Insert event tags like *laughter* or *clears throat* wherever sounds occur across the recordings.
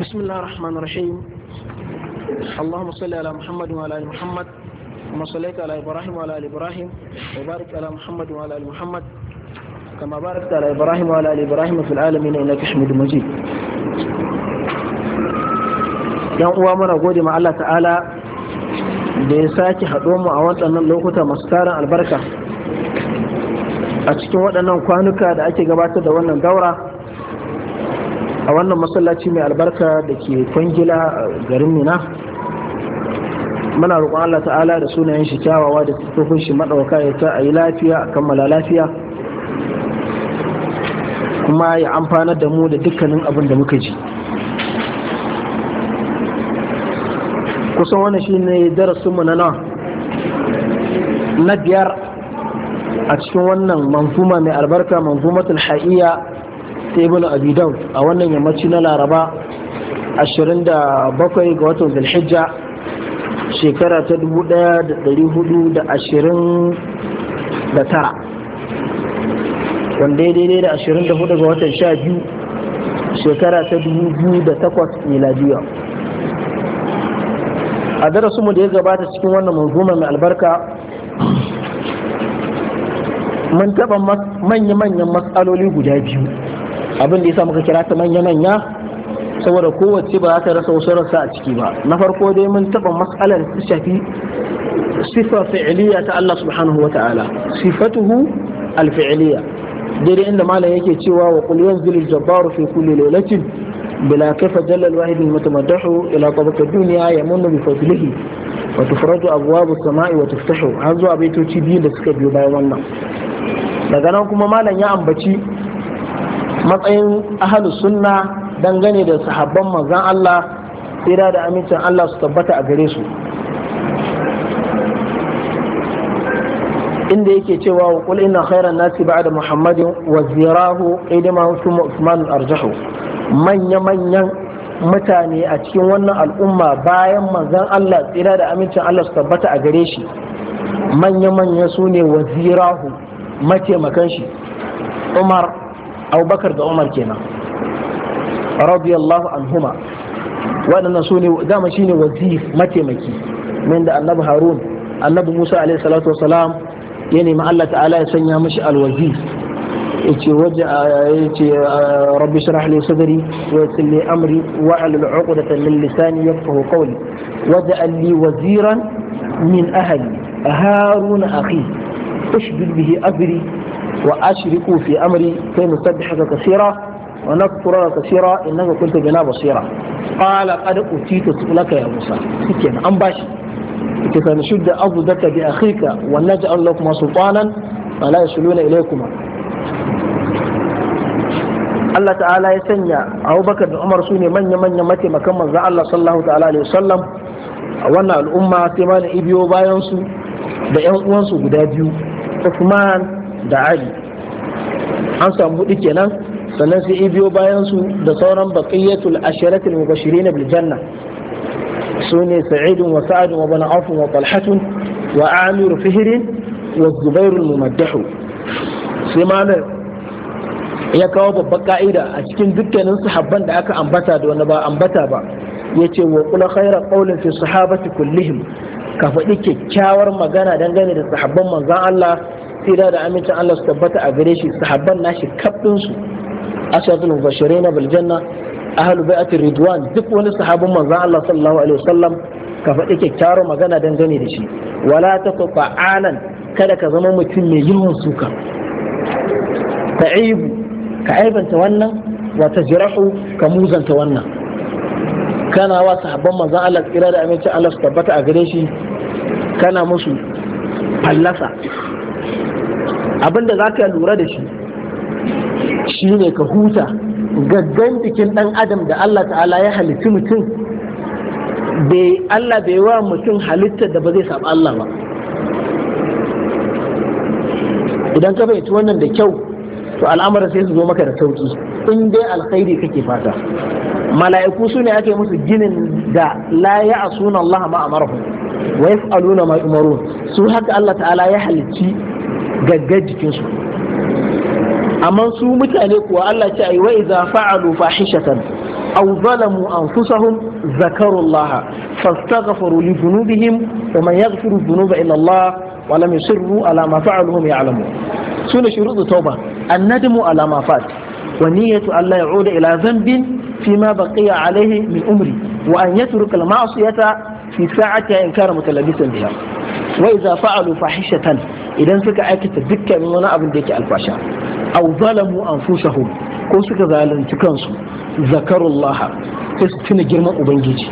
بسم الله الرحمن الرحيم اللهم صل على محمد وعلى ال محمد كما صليت على ابراهيم وعلى ال ابراهيم وبارك على محمد وعلى ال محمد كما باركت على ابراهيم وعلى ال ابراهيم في العالمين انك حميد مجيد yan uwa muna gode ma Allah ta'ala da ya sake haɗo mu a waɗannan lokuta masu tarin albarka a cikin waɗannan kwanuka da ake gabatar da wannan daura a wannan masallaci mai albarka da ke kwangila garin mina muna roƙon Allah ta'ala da sunayen shi kyawawa da tufofin shi maɗauka ya ta ayi lafiya a kammala lafiya kuma ya amfanar da mu da dukkanin abin da muka ji kusan wannan shi ne darasinmu na nan na biyar a cikin wannan manfuma mai albarka manzumatul ha'iya ta ibn abi a wannan yammaci na laraba 27 ga watan zulhijja shekara ta 1429 wanda ya daidai da 24 ga watan 12 shekara ta 2008 miladiya a darasinmu da ya gabata cikin wannan manzuma mai albarka mun taɓa manya-manyan matsaloli guda biyu abin da yasa muka kira ta manya-manya saboda kowace ba za ta rasa wasu rasa a ciki ba na farko dai mun taba matsalar ta shafi sifa fi'iliya ta Allah subhanahu wa ta'ala sifatuhu al-fi'iliya daidai inda malam yake cewa wa qul yanzilu al-jabbaru fi kulli lailatin بلا كيف جل fadlihi المتمدح إلى طبق الدنيا يمن بفضله har zuwa baitoci biyu da suka تبين bayan wannan daga nan kuma مالا ya ambaci matsayin ahalus sunna dangane da sahabban manzan Allah tsira da amincin Allah su tabbata a gare su inda yake cewa wa kul inna khairan nasi ba'da muhammadin wa zirahu idima thumma usman arjahu manya manyan mutane a cikin wannan al'umma bayan manzan Allah tsira da amincin Allah su tabbata a gare shi manya manya sune ne wa zirahu mataimakan shi umar abubakar da umar kenan radiyallahu anhuma waɗannan su ne dama shine wazir mataimaki min da annabi harun annabi musa alaihi salatu wasalam ya nemi allah ta'ala ya sanya mashi alwazir yace waje yace rabbi shrah li sadri wa yassir li amri wa halul 'uqdatan min lisani yafqahu qawli waj'al li waziran min ahli harun akhi اشدد به أبري وأشركوا في أمري كي نسبحك كثيرا ونذكرك كثيرا إنك كنت بنا بصيرا قال قد أتيت سؤلك يا موسى سكين أنباش كيف نشد أضدك بأخيك ونجعل لكما سلطانا فلا يصلون إليكما Allah ta'ala ya sanya Abubakar da Umar su ne manya-manya mataimakan manzan Allah sallallahu ta'ala alaihi wasallam a wannan al'umma sai ma da ibiyo bayan su da ƴan uwansu guda biyu Uthman da ali an samu hudu kenan sannan sai biyo bayan su da sauran baqiyatul asharatil mubashirin bil janna sune sa'id wa sa'ad wa ibn auf wa talha wa amir fihr wa zubair al mumaddah sai malam ya kawo babbar ka'ida a cikin dukkanin sahabban da aka ambata da wani ba ambata ba yace wa kula khayra qawlin fi sahabati kullihim ka faɗi kyakkyawar magana dangane da sahabban manzon Allah tsira da amincin Allah su tabbata a gare shi sahabban nashi kafin su ashadul mubashirin bil janna ahlu bai'atir ridwan duk wani sahabban manzon Allah sallallahu alaihi wasallam ka faɗi kyakkyawar magana dangane da shi wala taqfa anan kada ka zama mutum mai yawan suka ta'ibu ka aibanta wannan wa tajrahu ka muzanta wannan kana wa sahabban manzon Allah tsira da amincin Allah su tabbata a gare shi kana musu fallasa abinda za ka lura da shi shi ne ka huta gaggan jikin ɗan adam da Allah ta'ala ya halitti mutum Allah bai wa mutum halittar da ba zai saba Allah ba idan ka bai wannan da kyau to al'amarin sai su zo maka da sauki in dai alkhairi kake fata mala'iku su ne ake musu ginin da la ya'suna Allah ma wa yaf'aluna ma su haka Allah ta'ala ya halicci gaggar jikinsu amma su mutane kuwa Allah ce ai wa idza fa'alu fahishatan aw zalamu anfusahum zakaru Allah fastaghfiru li dhunubihim wa man yaghfiru dhunuba illa Allah wa lam yusirru ala ma fa'aluhum ya'lamu sunu shurutu tauba annadmu ala ma fat wa niyyatu an la ya'uda ila dhanbin fi ma baqiya alayhi min umri wa an yatruka al ma'siyata fi sa'ati in kana mutalabisan biha wa idza fa'alu fahishatan idan suka aikata dukkan wani abin da yake alfasha aw zalamu anfusahum ko suka zalunci kansu zakarullaha sai su tuna girman ubangiji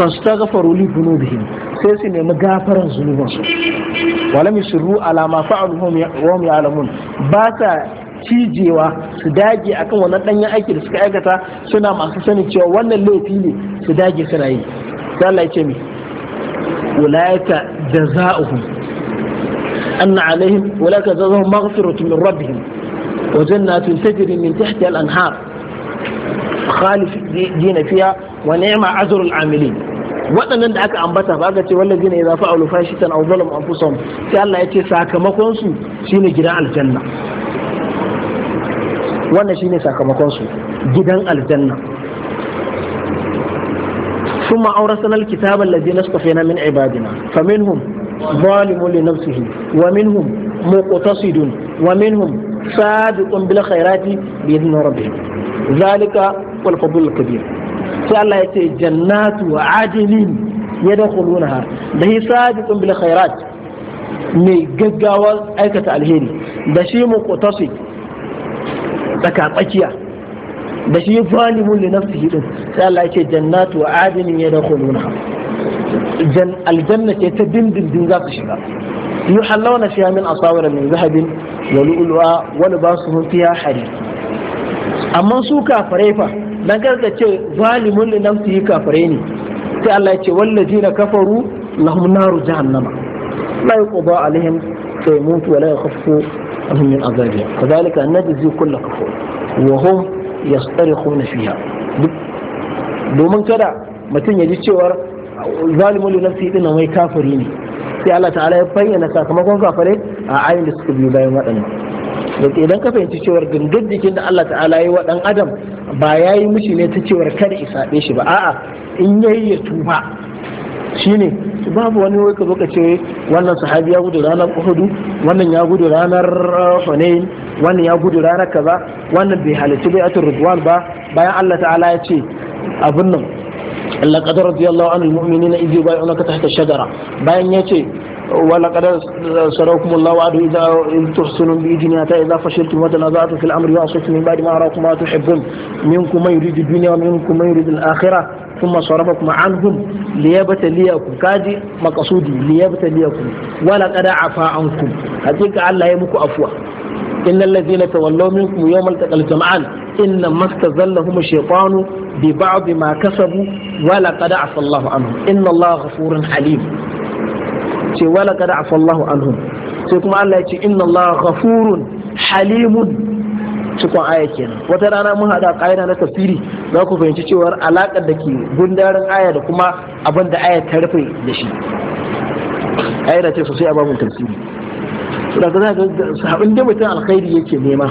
fastaghfaru li dhunubihim sai su nemi gafaran zunubansu walam yusirru ala ma fa'alu hum ya'lamun ba ta cijewa su dage akan wannan danyen aiki da suka aikata suna masu sanin cewa wannan laifi ne su dage suna yi sai Allah ya ce mi ulaika jazaohum أن عليهم ولك زادهم مغفرة من ربهم وجنات تجري من تحت الأنهار خالف دين فيها ونعم عذر العاملين وأنا ندعك عن بطه والذين إذا فعلوا فاشة أو ظلموا أنفسهم سأل الله يتي ساكا ما كونسوا سين جراء الجنة وأنا سين ساكا ما كونسوا جدان الجنة ثم أورثنا الكتاب الذي نصطفينا من عبادنا فمنهم ظالم لنفسه ومنهم مقتصد ومنهم صادق بالخيرات بإذن ربه ذلك هو الفضل الكبير فألا يتي جنات عادلين يدخلونها به صادق بالخيرات مي ججاوى أيكة الهيري بشي مقتصد بكا قتيا بشي ظالم لنفسه فألا يتي جنات عادلين يدخلونها aljanna ce ta dindindin za su shiga na fiya min asawira min zahabin wa lu'lu'a wa libasuhum fiha harir amma su kafirai fa dan karka ce zalimun li nafsihi kafirai ne sai Allah ya ce wallazina kafaru lahum naru jahannama la yuqda alaihim fa yamutu wa la yakhaffu anhum min azabiha kadhalika najzi kull kafur wa hum yastarikhuna fiha domin kada mutum ya ji cewar zalimu li nafsi din wai kafiri ne sai Allah ta'ala ya bayyana sakamakon kafare a ayin da suka biyu bayan waɗannan da idan ka fahimci cewar gangar da Allah ta'ala ya yi wa ɗan adam ba ya yi mishi ne ta cewar isa isaɓe shi ba a'a in yayi ya tuba shine babu wani wai ka zo ka ce wannan sahabi ya gudu ranar uhudu wannan ya gudu ranar uh, hunain wannan ya gudu ranar kaza wannan bai halitta bai atur ba bayan Allah ta'ala ya ce abin nan لقد رضي الله عن المؤمنين إذ يبايعونك تحت الشجرة باين يتي ولقد سركم الله وعده إذا تحسنوا بإذن إذا فشلتم وتنازعتم في الأمر وعصيتم من بعد ما أراكم ما تحبون منكم من يريد الدنيا ومنكم من يريد الآخرة ثم صرفكم عنهم ليبتليكم كادي مقصودي ليبتليكم ولقد عفا عنكم هذيك الله يمكو أفوه إن الذين تولوا منكم يوم التقى الجمعان inna mastazallahum shaytanu bi ba'd ma kasabu wa laqad afa Allahu anhum inna Allah ghafurun halim ce wa laqad afa Allahu anhum sai kuma Allah ya ce inna Allah ghafurun halimun cikon aya kenan wata rana mun hada ƙa'ida na tafsiri za ku fahimci cewar alaƙar da ke gundarin aya da kuma abin da aya ta rufe da shi aya ce sosai a babin tafsiri da ga sahabin da mutum alkhairi yake nema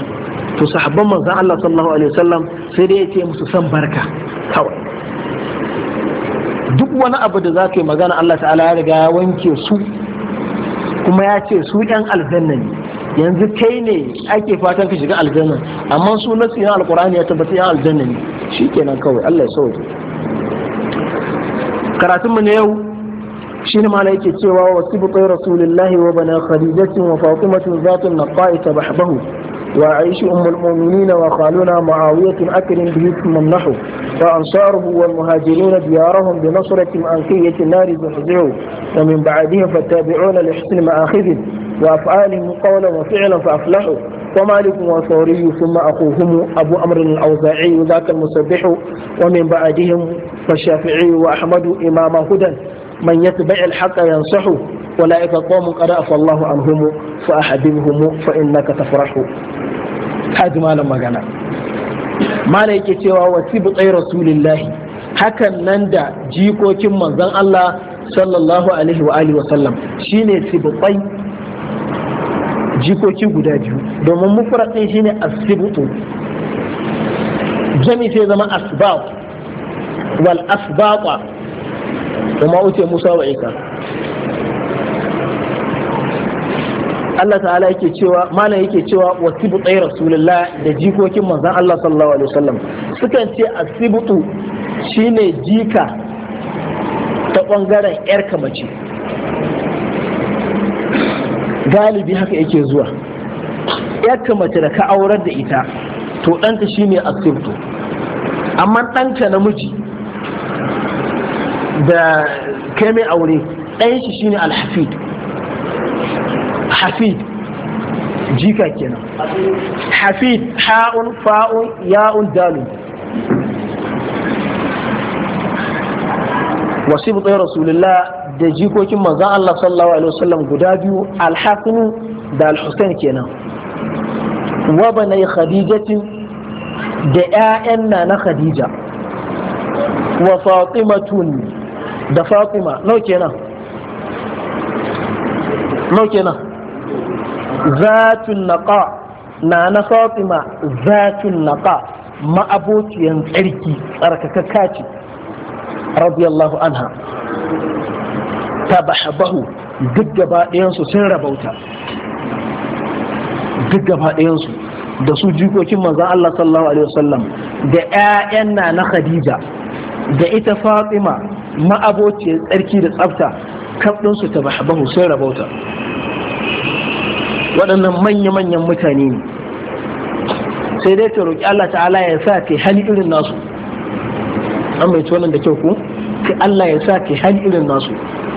to sahabban manzo Allah sallallahu alaihi wasallam sai dai yake musu san barka kawai duk wani abu da za yi magana Allah ta'ala ya riga ya wanke su kuma ya ce su ɗan aljanna ne yanzu kai ne ake fatan ka shiga aljanna amma su na tsinan alqur'ani ya tabbata yan aljanna ne shi kawai Allah ya sauke mu na yau shi ne mana yake cewa wa sibtai rasulullahi wa bana khadijatin wa fatimatin zatun naqa'i bahbahu. وعائشة أم المؤمنين وخالنا معاوية أكرم به ثم النحو فأنصاره والمهاجرين ديارهم بنصرة أنقية النار زحزحوا ومن بعدهم فالتابعون لحسن مآخذ وأفعالهم قولا وفعلا فأفلحوا ومالك وثوري ثم أخوهم أبو أمر الأوزاعي ذاك المسبح ومن بعدهم فالشافعي وأحمد إمام هدى من يتبع الحق ينصحه أولئك قوم قد عفى الله عنهم فأحببهم فإنك تفرح هذا ما لما قال ما لك تيوا وتبقى رسول الله هكا نندا جيكو كم من الله صلى الله عليه وآله وسلم شيني تبقى jikoki guda biyu domin mufraɗin shine asibutu jami sai zama asbab wal asbaqa kuma uce musa wa isa Allah ta'ala yake cewa malam yake cewa wa sibtai rasulullah da jikokin manzon Allah sallallahu alaihi wasallam sukan ce asibutu shine jika ta bangaren yar kamace galibi haka yake zuwa yar kamace da ka aurar da ita to ɗanka shine asibutu amma ɗanta namiji da kai mai aure ɗayan shi shine alhafid hafid jika kenan hafid ha'un fa'un ya'un dalun wasu tsaye rasulullah da jikokin manzan Allah sallallahu alaihi wasallam guda biyu alhasanu da alhussein kenan wa banai khadijatin da 'ya'yan na na khadija wa fatimatun da fatima kenan zatun naqa na na fatima zatun naqa ma'abociyan tsarki tsarkakakka ce radiyallahu anha tabahabahu duk gaba ɗayansu sun rabauta duk gaba da su jikokin manzan Allah sallallahu alaihi wasallam da ƴaƴan na na Khadija da ita Fatima ma'abociyar tsarki da tsafta kaf ɗinsu ta bahabahu sun rabauta waɗannan manya-manyan mutane ne sai dai ta roƙi Allah ta'ala ya sa ke hali irin nasu an bai tonan da kyau ko sai Allah ya sa ke hali irin nasu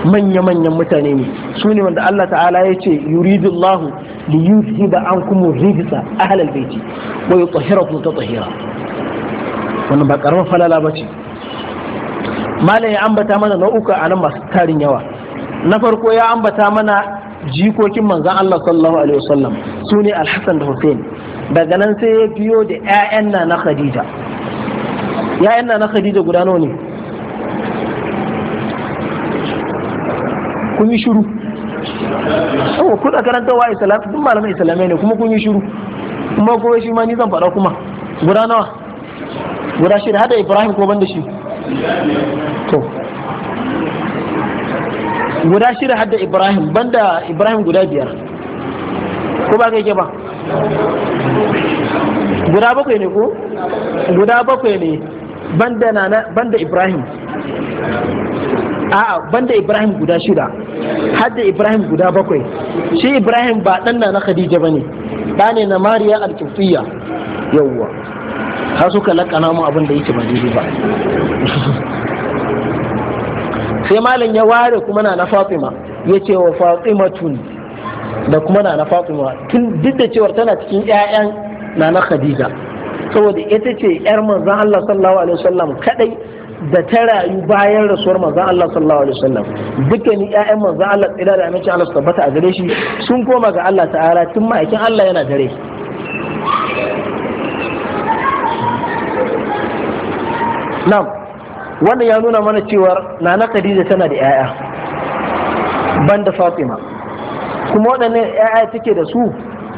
manya-manyan mutane ne su ne wanda Allah ta'ala ya ce Allah li yuzhiba ankum rijsa ahlal baiti wa yutahhirakum tatahira wannan ba karamar falala bace malam ya ambata mana nau'uka a nan masu tarin yawa na farko ya ambata mana jikokin manzan Allah sallallahu alaihi wasallam su ne alhassan da hussein daga nan sai ya biyo da 'ya'yan na na khadija ya'yan na na khadija guda nawa ne kun yi shiru oh ku da karanta wa islam duk malaman islamai ne kuma kun yi shiru kuma ko shi ma ni zan faɗa kuma guda nawa guda shida hada ibrahim ko ban da shi to guda shida hadda ibrahim banda ibrahim guda biyar ko ba kai ba guda bakwai ne ko guda bakwai ne banda nana banda ibrahim a'a banda ibrahim guda shida hadda ibrahim guda bakwai shi ibrahim ba dan na khadija bane Ba ne na mariya al-kifiyya yawwa har suka lakana mu abin da yake ba daidai ba *laughs* sai malam ya ware kuma na na fatima ya ce wa tun da kuma na na fatima tun duk da cewar tana cikin 'ya'yan na na khadija saboda ita ce 'yar manzan allah sallallahu alaihi wasallam kadai da ta rayu bayan rasuwar manzan Allah sallallahu alaihi wasallam dukkanin 'ya'yan manzan Allah tsira da amince Allah tabbata a gare shi sun koma ga Allah ta'ala tun ma'aikin Allah yana dare na'am wannan ya nuna mana cewar nana khadija tana da 'ya'ya banda fatima kuma waɗannan 'ya'ya take da su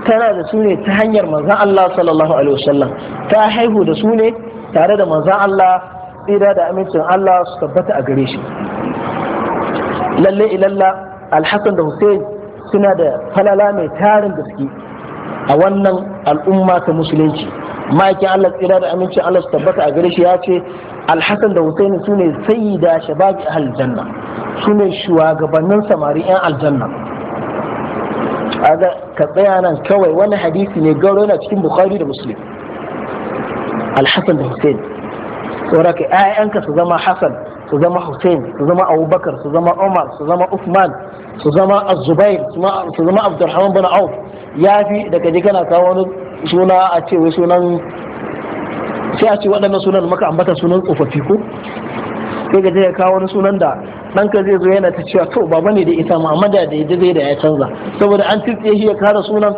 tana da su ne ta hanyar manzan Allah sallallahu alaihi wasallam ta haihu da su ne tare da manzan Allah tsira da amincin Allah su tabbata a gare shi lalle ilalla alhassan da hussein suna da falala mai tarin gaske a wannan al'umma ta musulunci ma'aikin Allah tsira da amincin Allah su tabbata a gare shi ya ce alhassan da husaini su ne sayi da shababi a aljanna su ne shugabannin samari 'yan aljanna ka tsaya nan kawai wani hadisi ne gauro yana cikin bukhari da muslim alhassan da husain saboda ka 'ya'yanka su zama hassan su zama husain su zama abubakar su zama umar su zama uthman su zama azubair su zama Abdulrahman bin auf ya fi daga je kana kawo wani suna a ce wai sunan sai a ce waɗannan sunan maka ambata sunan tsofaffi ko sai ga ya kawo wani sunan da ɗanka zai zo yana ta cewa to baba ne da ita ma da yadda zai da ya canza saboda an tsitse shi ya kara sunan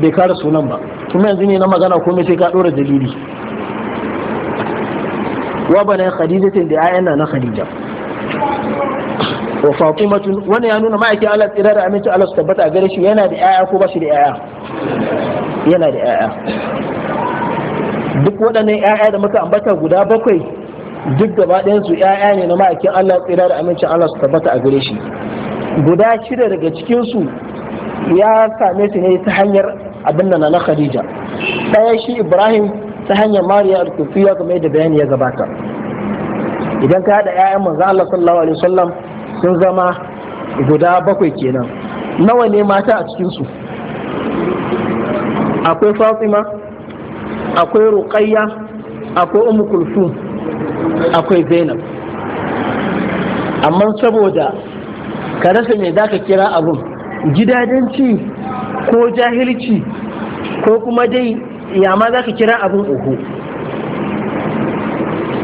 bai kara sunan ba kuma yanzu ne na magana komai sai ka ɗora dalili wa bana khadijatin da ayyana na khadija wa fatimatu wannan ya nuna ma'aikin Allah tsira da aminci Allah su tabbata a gare shi yana da ƴaƴa ko ba shi da ƴaƴa yana da ƴaƴa duk waɗannan ƴaƴa da muka ambata guda bakwai duk gaba ɗayan su ƴaƴa ne na ma'aikin Allah tsira da amincin Allah su tabbata a gare shi guda shida daga cikin su ya same su ne ta hanyar abin nan na Khadija ɗaya shi Ibrahim ta hanyar Mariya al-Kufiya kamar yadda bayani ya gabata idan ka haɗa 'ya'yan manzo Allah sallallahu alaihi wasallam sun zama guda bakwai kenan nawa ne mata a cikinsu akwai fatima akwai ruqayya akwai umu kulsum akwai zainab amma saboda ka rasa mai za ka kira abun gidajenci ko jahilci ko kuma dai yama za ka kira abun uku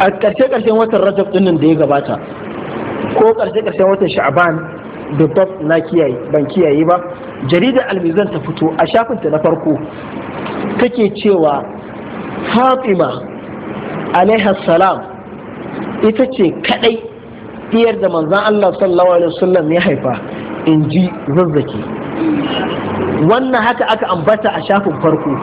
a ƙarshe-ƙarshen watan rajab ɗinnan da ya gabata ko karshe karshen watan sha'aban da na kiyaye ban kiyaye ba jaridar almizan ta fito a shafinta na farko take cewa fatima alaiha salam ita ce kadai Iyar da manzan Allah sallallahu alaihi wasallam ya haifa in ji zazzaki wannan haka aka ambata a shafin farko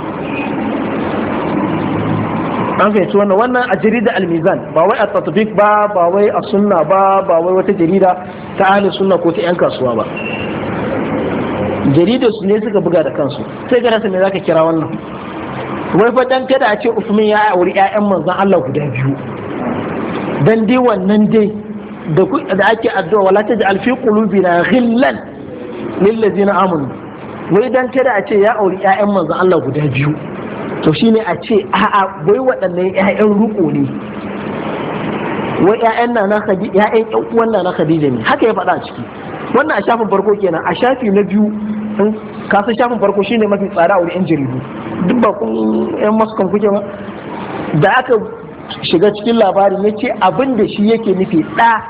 an fahimci wannan wannan a jarida almizan ba wai a tatbik ba ba wai a sunna ba ba wai wata jarida ta ahli sunna ko ta yan kasuwa ba Jarida su ne suka buga da kansu sai ga rasa me zaka kira wannan wai fa dan kada a ce Usman ya auri ƴaƴan manzon Allah guda biyu dan dai wannan dai da ake addu'a wala taj'al fi qulubina ghillan lil ladina amanu wai dan kada a ce ya auri ƴaƴan manzon Allah guda biyu to shine a ce a'a wai waɗannan 'ya'yan ruko ne wai 'ya'yan na na khadija 'ya'yan ƴan uwan na na khadija ne haka ya faɗa a ciki wannan a shafin farko kenan a shafi na biyu kasu shafin farko shine mafi tsara a wurin 'yan jaridu duk ba kun 'yan kan kuke ba da aka shiga cikin labarin ya ce abin da shi yake nufi ɗa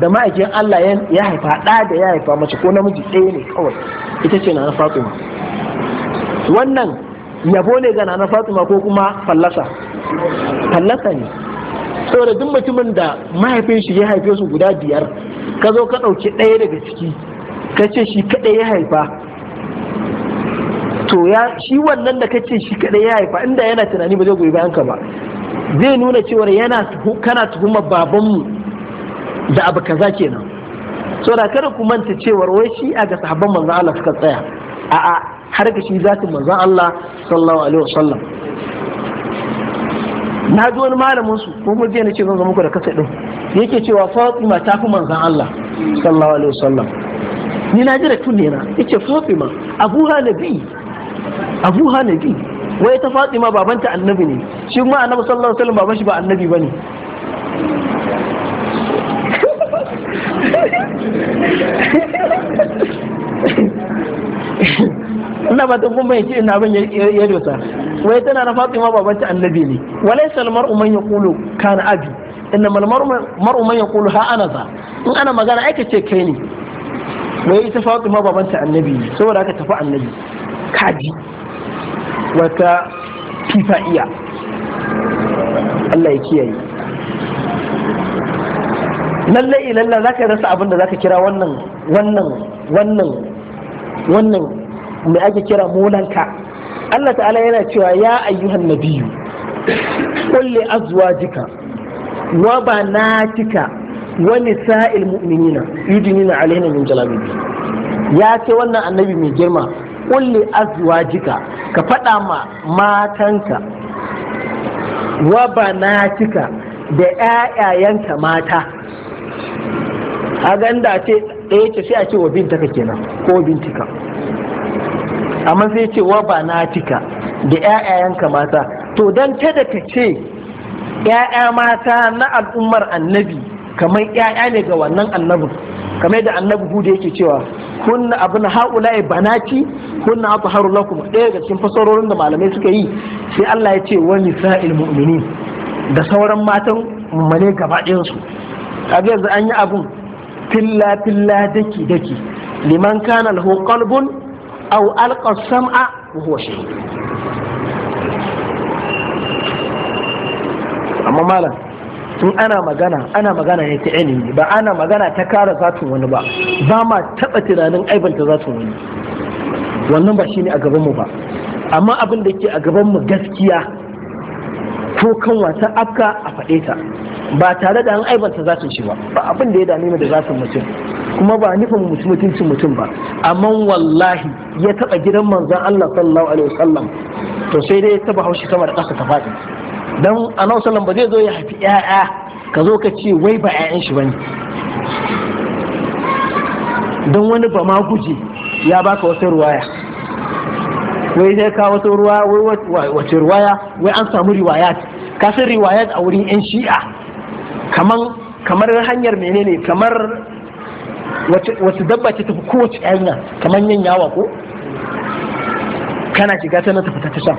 da ma'aikin Allah ya haifa ɗa da ya haifa mace ko namiji ɗaya ne kawai ita ce na fatima wannan yabo ne ga nana fatima ko kuma fallasa fallasa ne saboda duk mutumin da mahaifin shi ya haife su guda biyar ka zo ka ɗauki ɗaya daga ciki ka ce shi kaɗai ya haifa to ya shi wannan da ka ce shi kaɗai ya haifa inda yana tunani ba zai goyi bayan ka ba zai nuna cewar yana kana tuhumar babanmu da abu kaza kenan saboda kada ku manta cewar wai shi a ga sahabban manzo Allah suka tsaya a'a har ga shi zatin manzon Allah sallallahu alaihi wasallam na ji wani malamin su ko mu je na ce zan zama muku da kasa din yake cewa Fatima ta fi manzon Allah sallallahu alaihi wasallam ni na ji da tunne na yace Fatima abuha nabi abuha nabi wai ta Fatima babanta annabi ne shi kuma annabi sallallahu alaihi wasallam baban shi ba annabi bane ba kun bayyace ina abin ya dosa wai tana na fatima babanta annabi ne walaysa al-mar'u man yaqulu kana abi inna al-mar'u man yaqulu ha ana za in ana magana ai ce kai ne wai ita fatima babanta annabi ne saboda ka tafi annabi kadi wata fifa iya Allah ya kiyaye lallai lalla zaka rasa abin da zaka kira wannan wannan wannan wannan me ake kira molanka Allah ta'ala yana cewa ya ayyuhan nabiyu Kulli azwajika wa banatika wa nisa'il mu'minina yudinina alaihina min jalabibi ya ce wannan annabi mai girma Kulli azwajika ka faɗa ma matanka wa banatika da ƴaƴayenka mata a ganda ce ɗaya eh, ce sai a ce wa binta kenan ko bintika amma sai ce wa cika da ƴaƴayanka mata to dan ta da ce ƴaƴa mata na al'ummar annabi kamar ƴaƴa ne ga wannan annabin kamar da annabi hudu yake cewa kunna abin haula'i banati kunna atharu lakum ɗaya ga cikin fasarorin da malamai suka yi sai Allah ya ce wa nisa'il mu'minin da sauran matan mane gaba ɗayan su kaga yanzu an yi abun filla filla daki daki liman kana lahu qalbun أو ألقى السمع وهو شهيد amma malam tun ana magana ana magana ne ta ilimi ba ana magana ta kara zatun wani ba ba ma taɓa tunanin aibanta zatun wani wannan ba ne a gabanmu ba amma abin da ke a gabanmu gaskiya ko kan wata afka a faɗe ta ba tare da an aibanta zatun shi ba ba abin da ya dame mu da zatun mutum kuma ba nufin mutuncin mutum ba amma wallahi ya taba gidan manzon Allah sallallahu alaihi wasallam to sai dai ya taba haushi sama da kasa ta faɗi dan annabi sallallahu ba zai zo ya haifi ƴaƴa ka zo ka ce wai ba ƴaƴan shi bane dan wani ba ma guje ya baka wata ruwaya wai sai ka wata ruwa wai ruwaya wai an samu riwayat ka san riwayat a wurin yan shi'a kamar kamar hanyar menene kamar wace dabba ce tafi kowace yanya kamar yan yawa ko kana shiga ta tafi ta can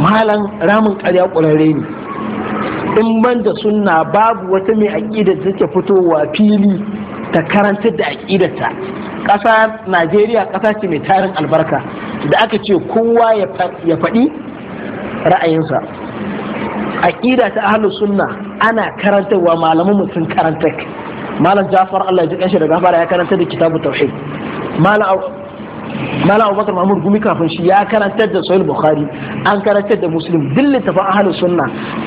malam ramin karya kurare ne in ban da sunna babu wata mai aƙidar da take fitowa fili ta karantar da aƙidarta ƙasa najeriya ƙasa ce mai tarin albarka da aka ce kowa ya faɗi ra'ayinsa aƙida ta ahalus sunna ana karantarwa malaman sun karantar malam jafar Allah ya ji kanshi da fara ya karanta da kitabu tauhid malam bakar mahmud gumi kafin shi ya karantar da sahih bukhari an karantar da muslim duk littafin ahlus sunna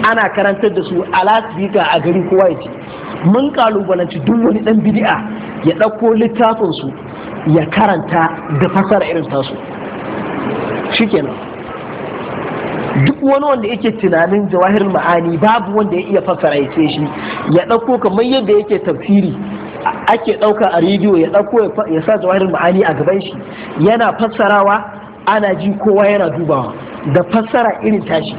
ana karantar da su alasbika a gari kowa ya mun kalubalanci duk wani dan bid'a ya ɗauko littafin su ya karanta da fasara irin tasu shikenan duk wani wanda yake tunanin jawahir ma'ani babu wanda ya iya fassara ya shi ya ɗauko kamar yadda yake tafsiri ake ɗauka a rediyo ya ɗauko ya sa jawahir ma'ani a gaban shi yana fassarawa ana ji kowa yana dubawa da fassara irin tashi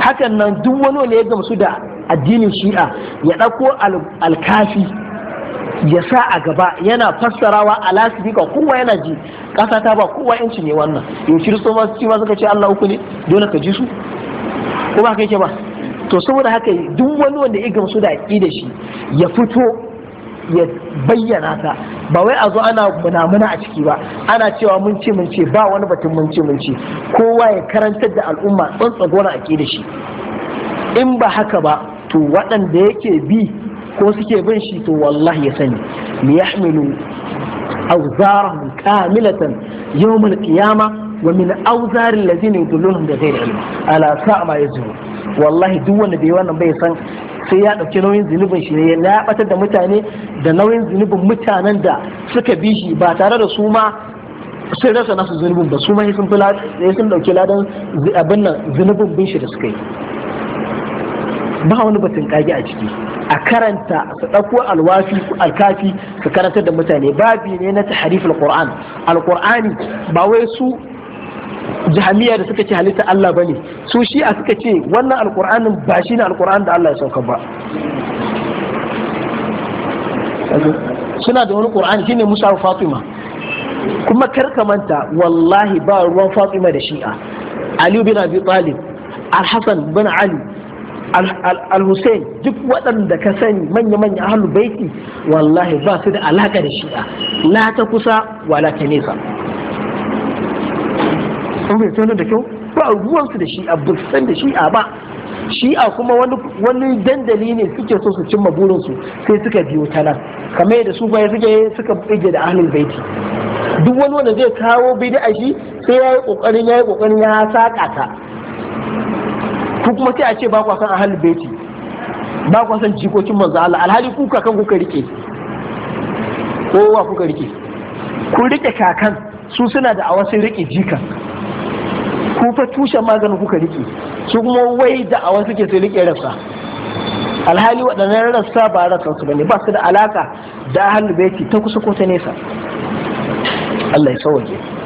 hakan nan duk wani wanda ya gamsu da addinin shi'a ya ɗauko alkafi ya sa a gaba yana fassarawa a ga kowa yana ji ƙasa ta ba kowa yanci ne wannan yau kiristo ma ma suka ce Allah uku ne dole ka ji su ko ba kai ba to saboda haka duk wani wanda ya gamsu da da shi ya fito ya bayyana ta ba wai a zo ana munamuna a ciki ba ana cewa mun ce mun ce ba wani batun mun ce mun ce kowa ya karantar da al'umma tsantsa gona a da shi in ba haka ba to waɗanda yake bi ko suke bin shi to wallahi ya sani li yahmilu awzarahum kamilatan yawm qiyama wa min awzar allazina yudullunhum da ghairi ilmi ala sa'a ma yazun wallahi duk wanda bai wannan bai san sai ya dauki nauyin zunubin shi ne ya batar da mutane da nauyin zunubin mutanen da suka bi shi ba tare da su ma sun rasa nasu zunubin ba su ma sun sun dauki ladan abin nan zunubin bin shi da suka yi ba wani batun kage a ciki a karanta su ɗauko alwafi alkafi su karantar da mutane babi ne na taharif alquran alqurani ba wai su jahamiya da suka ce halitta Allah bane su shi a suka ce wannan alqur'anin ba shine alqur'an da Allah ya sauka ba suna da wani qur'ani shine Musa wa Fatima kuma kar ka manta wallahi ba ruwan Fatima da shi'a Ali bin Abi Talib Al-Hasan bin Ali al-hussein duk waɗanda ka sani manya-manya ahlul baiti wallahi ba su da alaƙa da shi'a la ta kusa wala ta nesa da kyau ba ruwansu da shi'a ba san da shi'a ba shi'a kuma wani dandali ne suke so su cimma burinsu sai suka biyo ta nan kamar yadda su bai suke suka bige da ahlul baiti duk wani wanda zai kawo bid'a shi sai yayi kokarin yayi kokarin ya saka ta ku kuma sai a ce ba kwa san ahal beti ba kwa san jikokin manzo Allah alhali ku kakan kuka rike kowa kuka rike ku rike kakan su suna da awa sun rike jikan ku fa tushen maganin kuka rike su kuma wai da awa suke su rike rasa alhali waɗannan rassa ba rasa su bane ba su da alaka da ahal baiti ta kusa ko ta nesa Allah ya sauke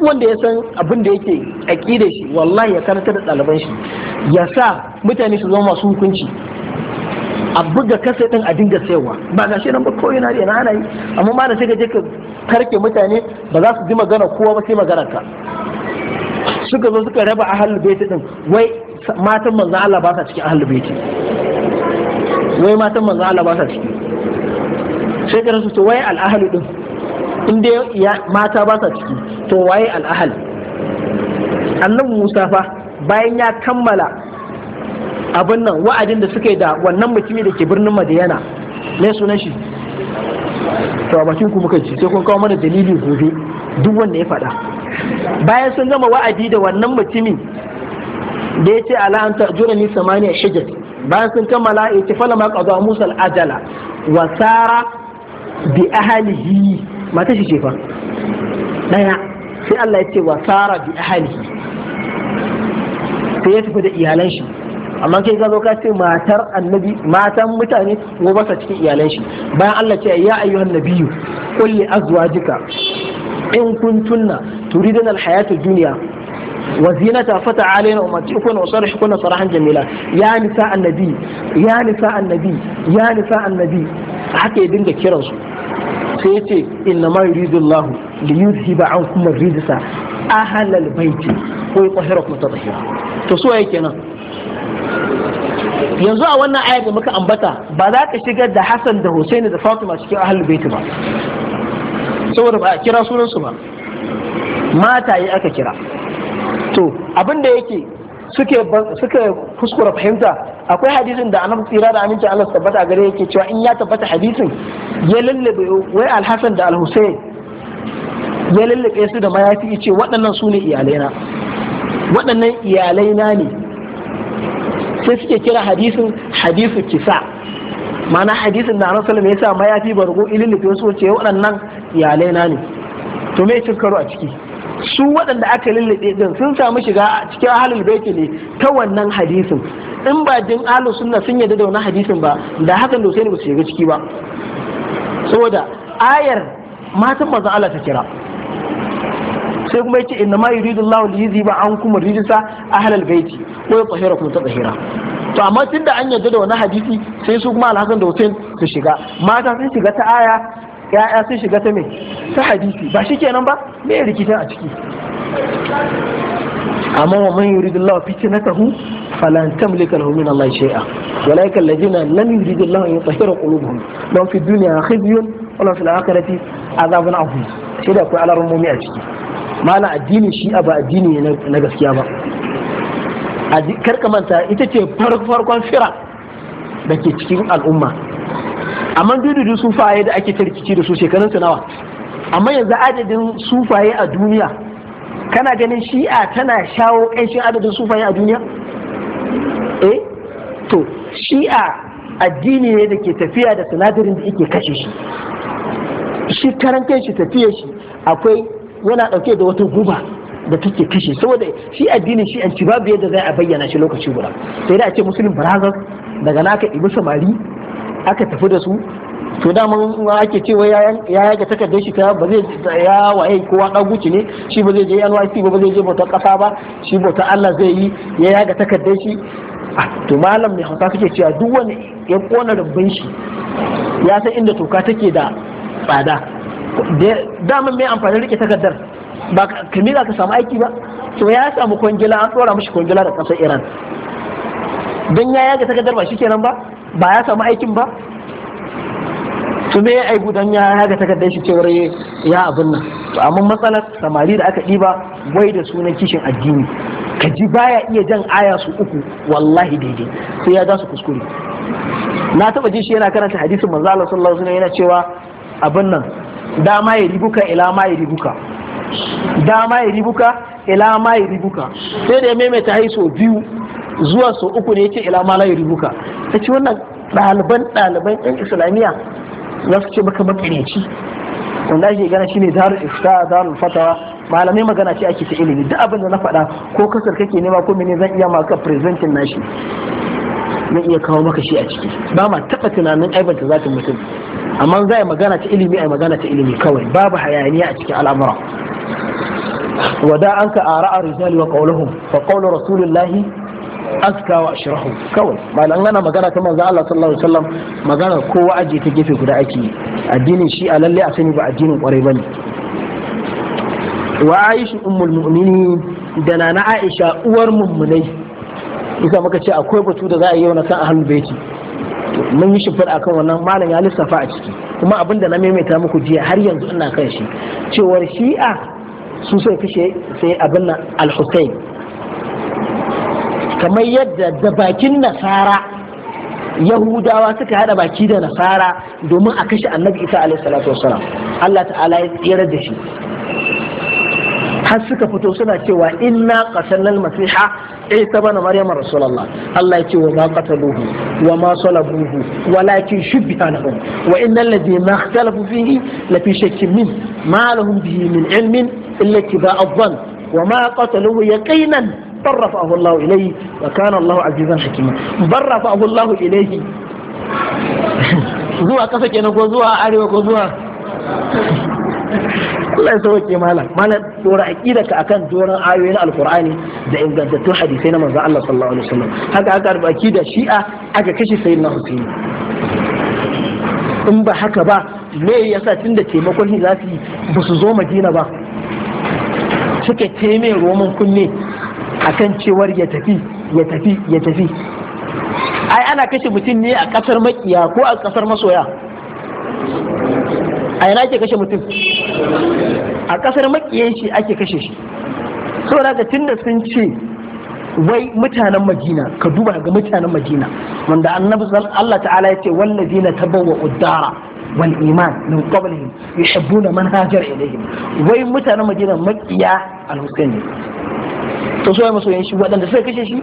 wanda ya san abin da yake aƙida shi wallahi ya karanta da ɗaliban shi ya sa mutane su zama masu hukunci a buga kasa din a dinga sayarwa ba ga shi nan ba koyi na da ana yi amma ma da sai ka je ka karke mutane ba za su ji magana kowa ba sai magana ka suka zo suka raba ahlul bait din wai matan manzo Allah ba sa cikin ahlul bait wai matan manzo Allah ba sa ciki sai ka rasu to wai al ahlu din in dai mata ba sa ciki to waye al'ahal annabi musa fa bayan ya kammala abin nan wa'adin da suka yi da wannan mutumin da ke birnin madiyana ne sunan shi to a bakin ku muka ji sai kun kawo mana dalili gobe duk wanda ya faɗa bayan sun gama wa'adi da wannan mutumin da ya ce ala an ta'jura ni samaniya shijar bayan sun kammala ya ce falama qada musa al'ajala. ajala wa sara bi ahalihi mata shi ce fa daya sai Allah ya ce wa sara bi ahlihi sai ya tafi da iyalan shi amma kai ka zo ka ce matar annabi matan mutane ko ba sa cikin iyalan shi bayan Allah ce ya ayyuhan nabiyyu qul li azwajika in kuntunna turidan alhayata dunya wa zinata fata alaina ummatikunna wa sarihkunna sarahan jamila ya nisa annabi ya nisa annabi ya nisa annabi haka ya dinga kiransu sai ya ce inna ma yuridullahu li yuzhiba ankum ar-rijsa ahlal bait ko ta tatahira to so yake nan yanzu a wannan ayat da muka ambata ba za ka shigar da Hassan da Hussaini da Fatima cikin ahlul ta ba saboda ba a kira sunansu ba mata yi aka kira to abinda yake suke kuskura fahimta akwai hadisin da annabi tsira da aminci Allah tabbata gare yake cewa in ya tabbata hadisin ya lallabe wai alhassan da al-Husayn ya lallabe su da mayafi ce waɗannan su ne iyalaina waɗannan iyalaina ne sai suke kira hadisin hadisu kisa ma'ana hadisin da annabi sallallahu alaihi wasallam ya sa mayafi bargo ilallabe su ce waɗannan iyalaina ne to me yake karo a ciki su waɗanda aka lallabe din sun samu shiga cikin ahlul baiti ne ta wannan hadisin in ba din Alu sunna sun yadda da wani hadisin ba da hakan da ne ba su shiga ciki ba saboda ayar matan manzon Allah ta kira sai kuma yace inna ma yuridu Allahu li yuziba ankum rijsa ahlal baiti wa yutahhirakum tatahira to amma tunda an yadda da wani hadisi sai su kuma alhakan da Usain su shiga mata sun shiga ta aya ya'ya sun shiga ta me ta hadisi ba shi shikenan ba me rikitan a ciki amma wa man yuridullahu fitnatahu falan tamlika lahu min Allah shay'a walaika alladhina lam yuridullahu an yutahhira qulubuhum lahum fid dunya khizyun wa lahum fil akhirati azabun azim sai da akwai alarmomi a ciki mana addini shi ba addini na gaskiya ba ka manta ita ce farkon fira da ke cikin al'umma amma dududu sufaye da ake tarkici da su shekarunsu nawa amma yanzu adadin sufaye a duniya kana ganin shi'a tana shawo ƙanshin adadin sufaye a duniya eh to shi'a addini ne da ke tafiya da sinadarin da ike kashe shi shi karan shi tafiya shi akwai yana ɗauke da wata guba da take kashe saboda shi addinin shi an babu yadda zai a bayyana shi lokaci guda sai da a ce musulun barazan daga naka ibi samari aka tafi da su to da mun ake cewa ya yage takardar shi ba zai ya waye kowa guci ne shi ba zai je NYC ba ba zai je bautar kasa ba shi bautar Allah zai yi ya yaga takardar shi ah, to malam mai hausa kake cewa duk wani ya kona rubin shi ya san inda toka take da tsada mun mai amfani rike takardar ba kami za ka samu aiki ba to ya samu kwangila an tsora mashi kwangila da kasar Iran don ya yaga takardar ba shi kenan ba ba ya samu aikin ba to me ya aibu dan ya haga takardar shi cewar ya abin nan to amma matsalar samari da aka ɗiba wai da sunan kishin addini ka ji baya iya jan aya su uku wallahi daidai sai ya za su kuskure na taba ji shi yana karanta hadisin manzo Allah sallallahu alaihi wasallam yana cewa abin nan dama ya ribuka ila ma ya ribuka dama ya ribuka ila ma ya ribuka sai da ya maimaita haiso biyu zuwa so uku ne yake ila ma la ya ribuka ta ci wannan ɗaliban ɗaliban ɗan islamiyya za su ce baka makareci wanda ake gana ne darul ifta darul fatawa malamai magana ce ake ta ilimi duk abinda na faɗa ko kasar kake nema ko mene zan iya maka presenting nashi zan iya kawo maka shi a ciki ba ma taɓa tunanin aibanta zatin mutum amma za a magana ta ilimi a magana ta ilimi kawai babu hayaniya a cikin al'amura wada an ka ara rijali wa qawluhum fa qawlu rasulillahi aska wa ashrahu kawai malan ana magana ta manzo Allah sallallahu alaihi wasallam magana kowa ajiye ta gefe guda ake addinin shi a lalle a sani ba addinin kwarai bane wa aisha ummul mu'minin da nana aisha uwar mummunai isa muka ce akwai batu da za a yi wa nasa kan ahlul baiti mun yi shifar akan wannan malam ya lissafa a ciki kuma abin da na maimaita muku jiya har yanzu ina kan shi cewar shi'a su sai fishe sai abin nan al-husayn kamar yadda da bakin nasara yahudawa suka hada baki da nasara domin a kashe annabi isa alaihi salatu wassalam Allah ta'ala ya tsira da shi har suka fito suna cewa inna qatalnal masiha isa bana maryam rasulullah Allah ya ce wa ma qataluhu wa ma salabuhu walakin shubbiha lahum wa innal ladina ikhtalafu fihi la fi shakkin min ma lahum bihi min ilmin illa tibaa adh-dhann wa ma qataluhu yaqinan بل رفعه الله إليه وكان الله عزيزا حكيما بل رفعه الله zuwa kasa kenan ko zuwa arewa ko zuwa *laughs* Allah ya sauke malam malam dora aqida ka akan doran ayoyin alqur'ani da ingantattun hadisai na manzo Allah sallallahu alaihi wasallam haka aka rubuta aqida shi'a aka kashe sayyidina Husaini in ba haka ba me yasa tunda taimakon hilafi ba su zo Madina ba suke taimai roman kunne akan cewar ya tafi ya tafi ya tafi ai ana kashe mutum ne a kasar makiya ko a kasar masoya a yana ake kashe mutum a kasar makiyan shi ake kashe shi saboda tun tunda sun ce wai mutanen madina ka duba ga mutanen madina wanda annabi Allah ta'ala ya ce ta tabawwa uddara wal iman min qablihim yuhibbuna man hajara ilayhim wai mutanen madina makiya al-husaini to so ya masoyin waɗanda suka kashe shi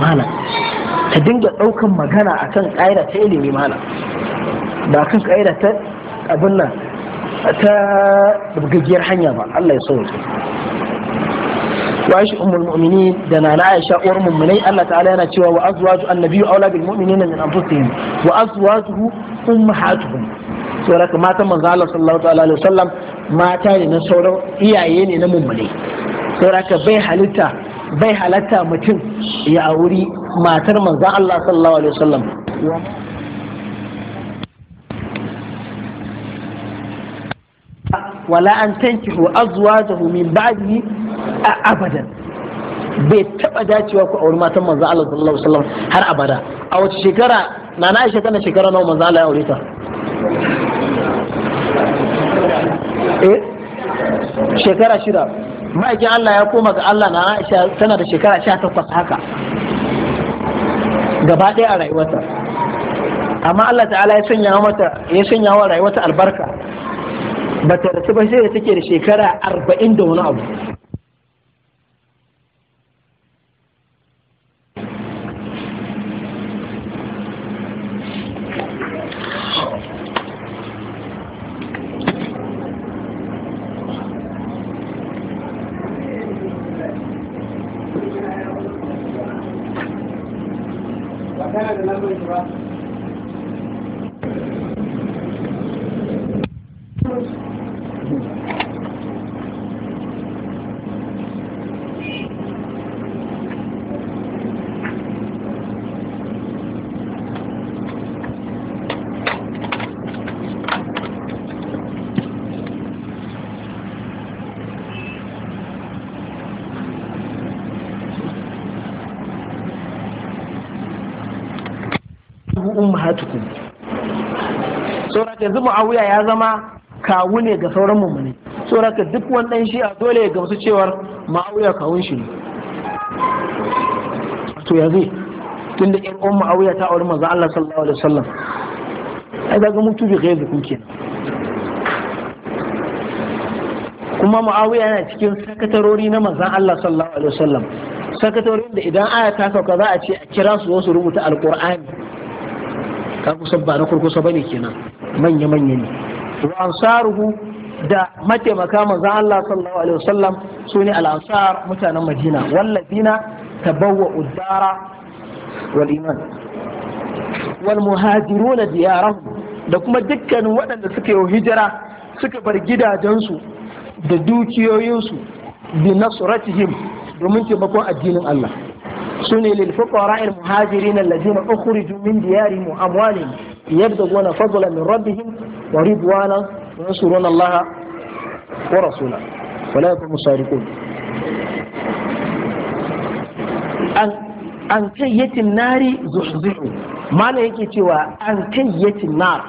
mana ka dinga ɗaukan magana akan kan ta ilimi mana ba kan ƙa'ida ta abin nan ta gajiyar hanya ba Allah ya sauwa washi umul mu'mini da na aisha uwar mummunai Allah ta'ala yana cewa wa azwaju annabiyyu aula bil mu'minina min anfusihim wa azwajuhu ummahatuhum saboda haka matan manzo Allah sallallahu alaihi wasallam mata ne na sauran iyaye ne na mummune saboda haka bai halitta bai halatta mutum ya auri matar manzo Allah sallallahu alaihi wasallam wala an tankihu azwajahu min ba'dihi abadan bai taba dacewa ku auri matan manzo Allah sallallahu alaihi wasallam har abada a wace shekara na na shekara shekara nawa manzo Allah ya aure ta eh shekara shida ma'aikin Allah ya koma ga Allah na Aisha tana da shekara sha takwas haka gaba ɗaya a rayuwarta amma Allah ta'ala ya sanya mata ya sanya wa rayuwarta albarka ba ta rasu ba sai da take da shekara arba'in da wani abu yanzu ma'awiya ya zama kawu ne ga sauran mummuni saboda duk wannan shi a dole ga wasu cewar ma'awiya kawun shi ne to ya zai tunda ƴan uwan ma'awiya ta auri manzo Allah sallallahu alaihi wasallam ai ga mutu bi ghaibi kuke kuma ma'awiya yana cikin sakatarori na maza Allah sallallahu alaihi wasallam Sakatarori da idan aya ta sauka za a ce a kira su wasu rubuta alqur'ani ka kusan ba na kurkusa bane kenan manya manya ne wa ansaruhu da mataimaka manzon Allah sallallahu alaihi wasallam sune al-ansar mutanen Madina wallazina tabawwa udara wal iman wal muhajiruna diyarahum da kuma dukkanin waɗanda suka yi hijira suka bar gidajensu da dukiyoyinsu bi nasratihim domin taimakon addinin Allah سني للفقراء المهاجرين الذين أخرجوا من ديارهم وأموالهم يبدون فضلا من ربهم ورضوانا وينصرون الله ورسوله ولا يكونوا مشاركون أن أن يتم ناري زحزحوا ما لا يكي أن كي يتم نار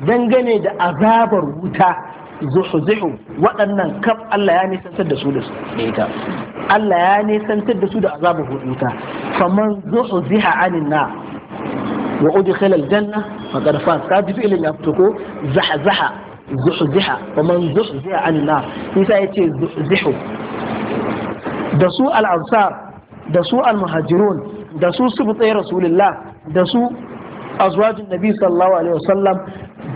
dangane دا azabar wuta zuhzuhu waɗannan kaf Allah ya nisantar da su da ita Allah ya nisantar da su da azabar wuta faman zuhziha anin na wa udkhila aljanna faqad faz ka ji ilin ya fito ko zahzaha zuhziha faman zuhziha anin na isa yace zuhzihu da su al-ansar da su al-muhajirun da su subtai rasulullah da su azwajin nabi sallallahu alaihi wasallam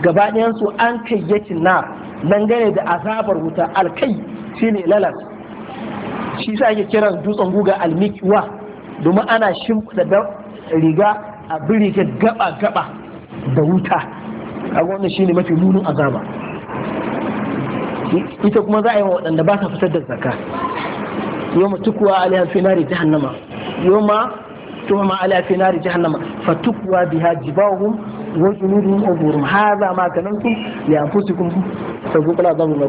gaba ɗayan su an kayyatin na dangane da azabar wuta alkai shine lalas shi sa ake kiran dutsen guga almikiwa domin ana shimfiɗa riga a ga gaba gaba da wuta a wannan shine mafi munin azaba ita kuma za a yi wa waɗanda ba sa fitar da zaka yau ma tukuwa aliyar finari hannama yau ma tuhma ala fi nari jahannama fatukwa biha jibahum wa junuduhum wa burum hadha ma kanantum li anfusikum fazuqul adhab ma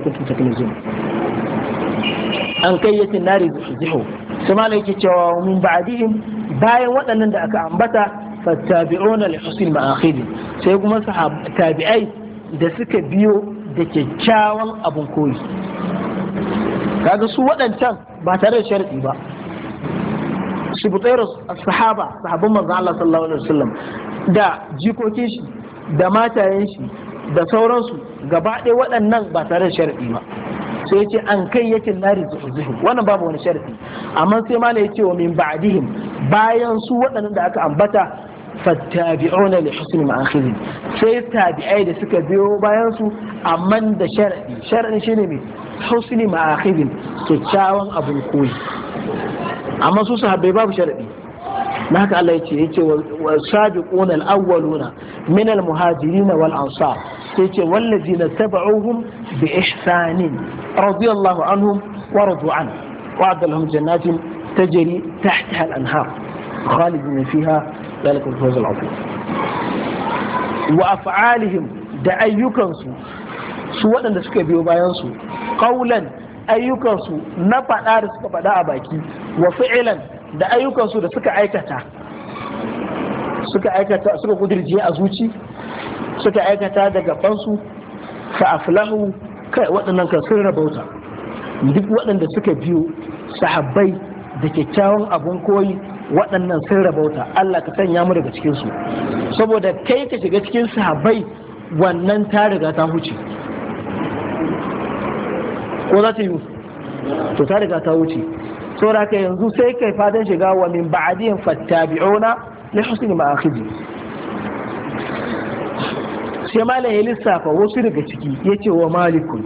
an kayyatin nari zuhu sai malai yake cewa mun ba'dihim bayan waɗannan da aka ambata fattabi'una li husnil ma'akhiri sai kuma tabi'ai da suka biyo da kyakkyawan abun koyi kaga su waɗancan ba tare da sharadi ba shibutsair sahaba sahabban manzo Allah sallallahu alaihi wasallam da jikokin shi da matayen shi da sauransu gaba ɗaya waɗannan ba tare da sharadi ba sai ce an kai yake nari zuhu wannan babu wani sharadi amma sai mala yace wa min ba'dihim bayan su waɗannan da aka ambata fattabi'una li husni ma'akhiri sai tabi'ai da suka biyo bayan su amma da sharaɗi sharadin shine mai husni ma'akhiri kyakkyawan abin koyi amma su sahabbai babu sharadi na haka Allah yace yace wa sabiquna al-awwaluna min al-muhajirin wal ansar sai yace wallazina tabauhum bi ihsanin radiyallahu anhum wa radu an وعد لهم جنات تجري تحتها الأنهار خالدين فيها ذلك الفوز العظيم وأفعالهم da ayyukansu su waɗanda suka biyo bayansu ƙaulan ayyukansu na faɗa da suka faɗa a baki wa fi'ilan da ayyukansu da suka aikata suka aikata suka kudirje a zuci suka aikata da gabansu fa aflahu kai waɗannan kan sun rabauta duk waɗanda suka biyo sahabbai da kyakkyawan abun koyi waɗannan sun rabauta Allah ka sanya mu daga cikinsu saboda kai ka shiga cikin sahabbai wannan ta riga ta huce ko za ta yi to ta riga ta wuce da haka yanzu sai kai fadan shiga wa min ba'dihin fattabi'una li husni ma'akhidhi sai malam ya lissafa wasu daga ciki yace wa malikun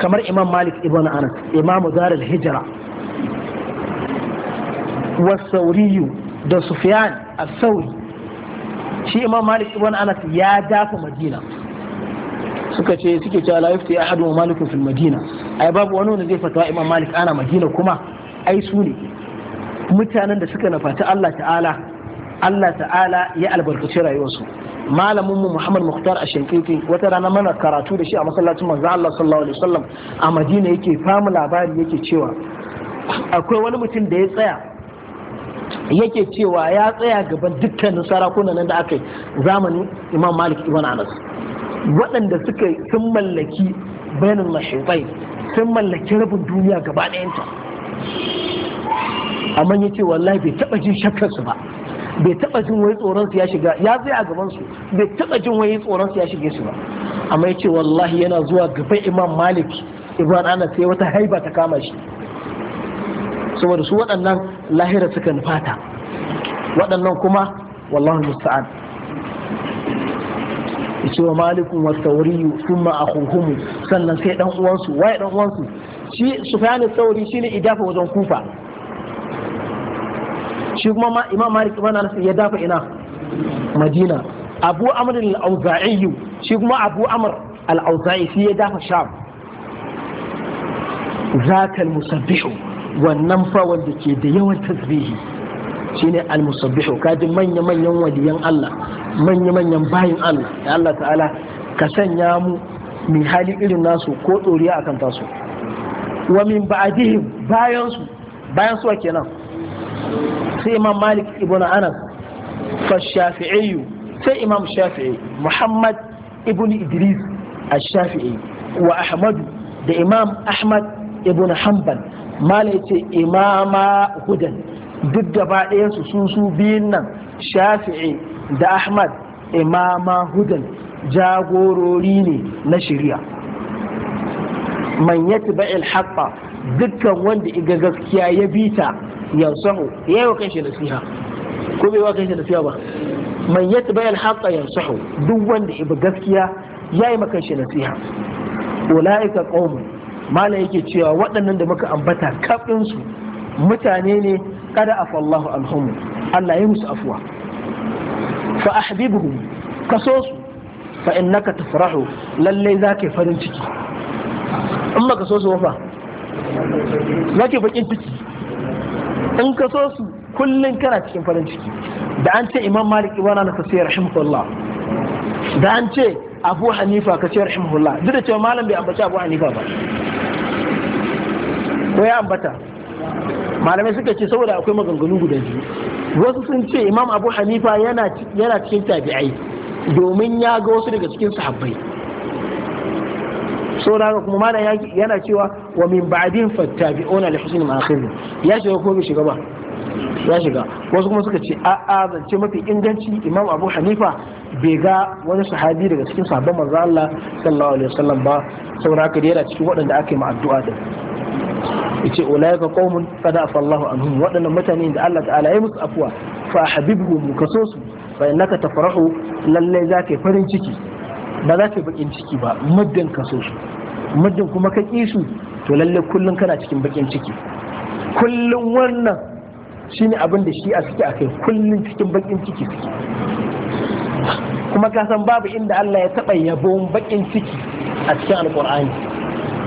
kamar imam malik ibn anas imam dar al-hijra wa sauriyu da sufyan al-sauri shi imam malik ibn anas ya dafa madina suka ce suke cewa la yufti ahadu wa malikun fil madina ai babu wani wanda zai fatawa imam malik ana madina kuma ai su ne mutanen da suka nafaci Allah ta'ala Allah ta'ala ya albarkaci rayuwarsu malamin mu Muhammad Mukhtar Ashinkifi wata rana mana karatu da shi a masallacin manzo Allah sallallahu alaihi wasallam a Madina yake famu labari yake cewa akwai wani mutum da ya tsaya yake cewa ya tsaya gaban dukkanin sarakunan nan da aka yi zamanin Imam Malik ibn Anas waɗanda suka sun mallaki bayanin lashaitai sun mallaki rabin duniya gaba ɗayanta amma ya ce wallahi bai taɓa jin shakkarsu ba bai taɓa jin wani tsoronsu ya shiga ya zai a gabansu bai taɓa jin wani tsoronsu ya shige su ba amma ya ce wallahi yana zuwa gaban imam malik ibrahim ana sai wata haiba ta kama shi saboda su waɗannan lahira suka nufata waɗannan kuma wallahi musta'an yace wa malikun wa thawri thumma akhuhum sannan sai dan uwansu waye dan uwansu shi sufyan al-thawri shine idafa wajen kufa shi kuma imam malik ibn anas ya dafa ina madina abu amr al-auza'i shi kuma abu amr al-auza'i shi ya dafa sham zakal musabbihu wannan fa wanda ke da yawan tasbihi shine al-musabbihu kaji manya manyan waliyan Allah manya manyan bayin Allah ya Allah ta'ala ka sanya mu mai hali irin nasu ko tsoriya akan tasu wa min ba'dihim bayan su bayan su kenan sai imam malik ibn anas fa shafi'i sai imam shafi'i muhammad ibn idris ash-shafi'i wa ahmad da imam ahmad ibn hanbal mala yace imama hudan duk gaba ɗayansu sun su biyun nan shafi'i da ahmad imama hudun jagorori ne na shirya man yatba al dukkan wanda iga gaskiya ya bita ya yi wa kanshi nasiha ko bai wa kanshi nasiha ba man yatba ya yansahu duk wanda iga gaskiya ya yi ma kanshi nasiha ulaika qaumun mala yake cewa waɗannan da muka ambata kafin su mutane ne kada afallahu anhum Allah ya musu afuwa fa ahbibuhum kaso su fa innaka tafrahu lalle zaka farin ciki in baka so su wafa zaka bakin ciki in ka so su kullum kana cikin farin ciki da an ce imam malik ibn anas sai rahimahullah da an ce abu hanifa ka ce rahimahullah duk da cewa malam bai ambaci abu hanifa ba ko ya ambata malamai suka ce saboda akwai maganganu guda biyu wasu sun ce imam abu hanifa yana cikin tabi'ai domin ya ga wasu daga cikin sahabbai saboda kuma malam yana cewa wa min ba'din fattabi'una li husni ma'akhir ya shiga ko bai shiga ba ya shiga wasu kuma suka ce a'a zance mafi inganci imam abu hanifa bai ga wani sahabi daga cikin sahabban manzo Allah sallallahu alaihi wasallam ba saboda haka yana cikin waɗanda ake ma addu'a yace ulaika qaumun qad afallahu anhum waɗannan mutane da Allah ta'ala ya musu afwa fa habibhum kaso su fa innaka tafrahu lalle zaka farin ciki ba za ka bakin ciki ba muddin kaso su muddin kuma ka ki su to lalle kullun kana cikin bakin ciki kullun wannan shine abin da shi a suke kai kullun cikin bakin ciki suke kuma ka san babu inda Allah ya taɓa yabon bakin ciki a cikin alƙur'ani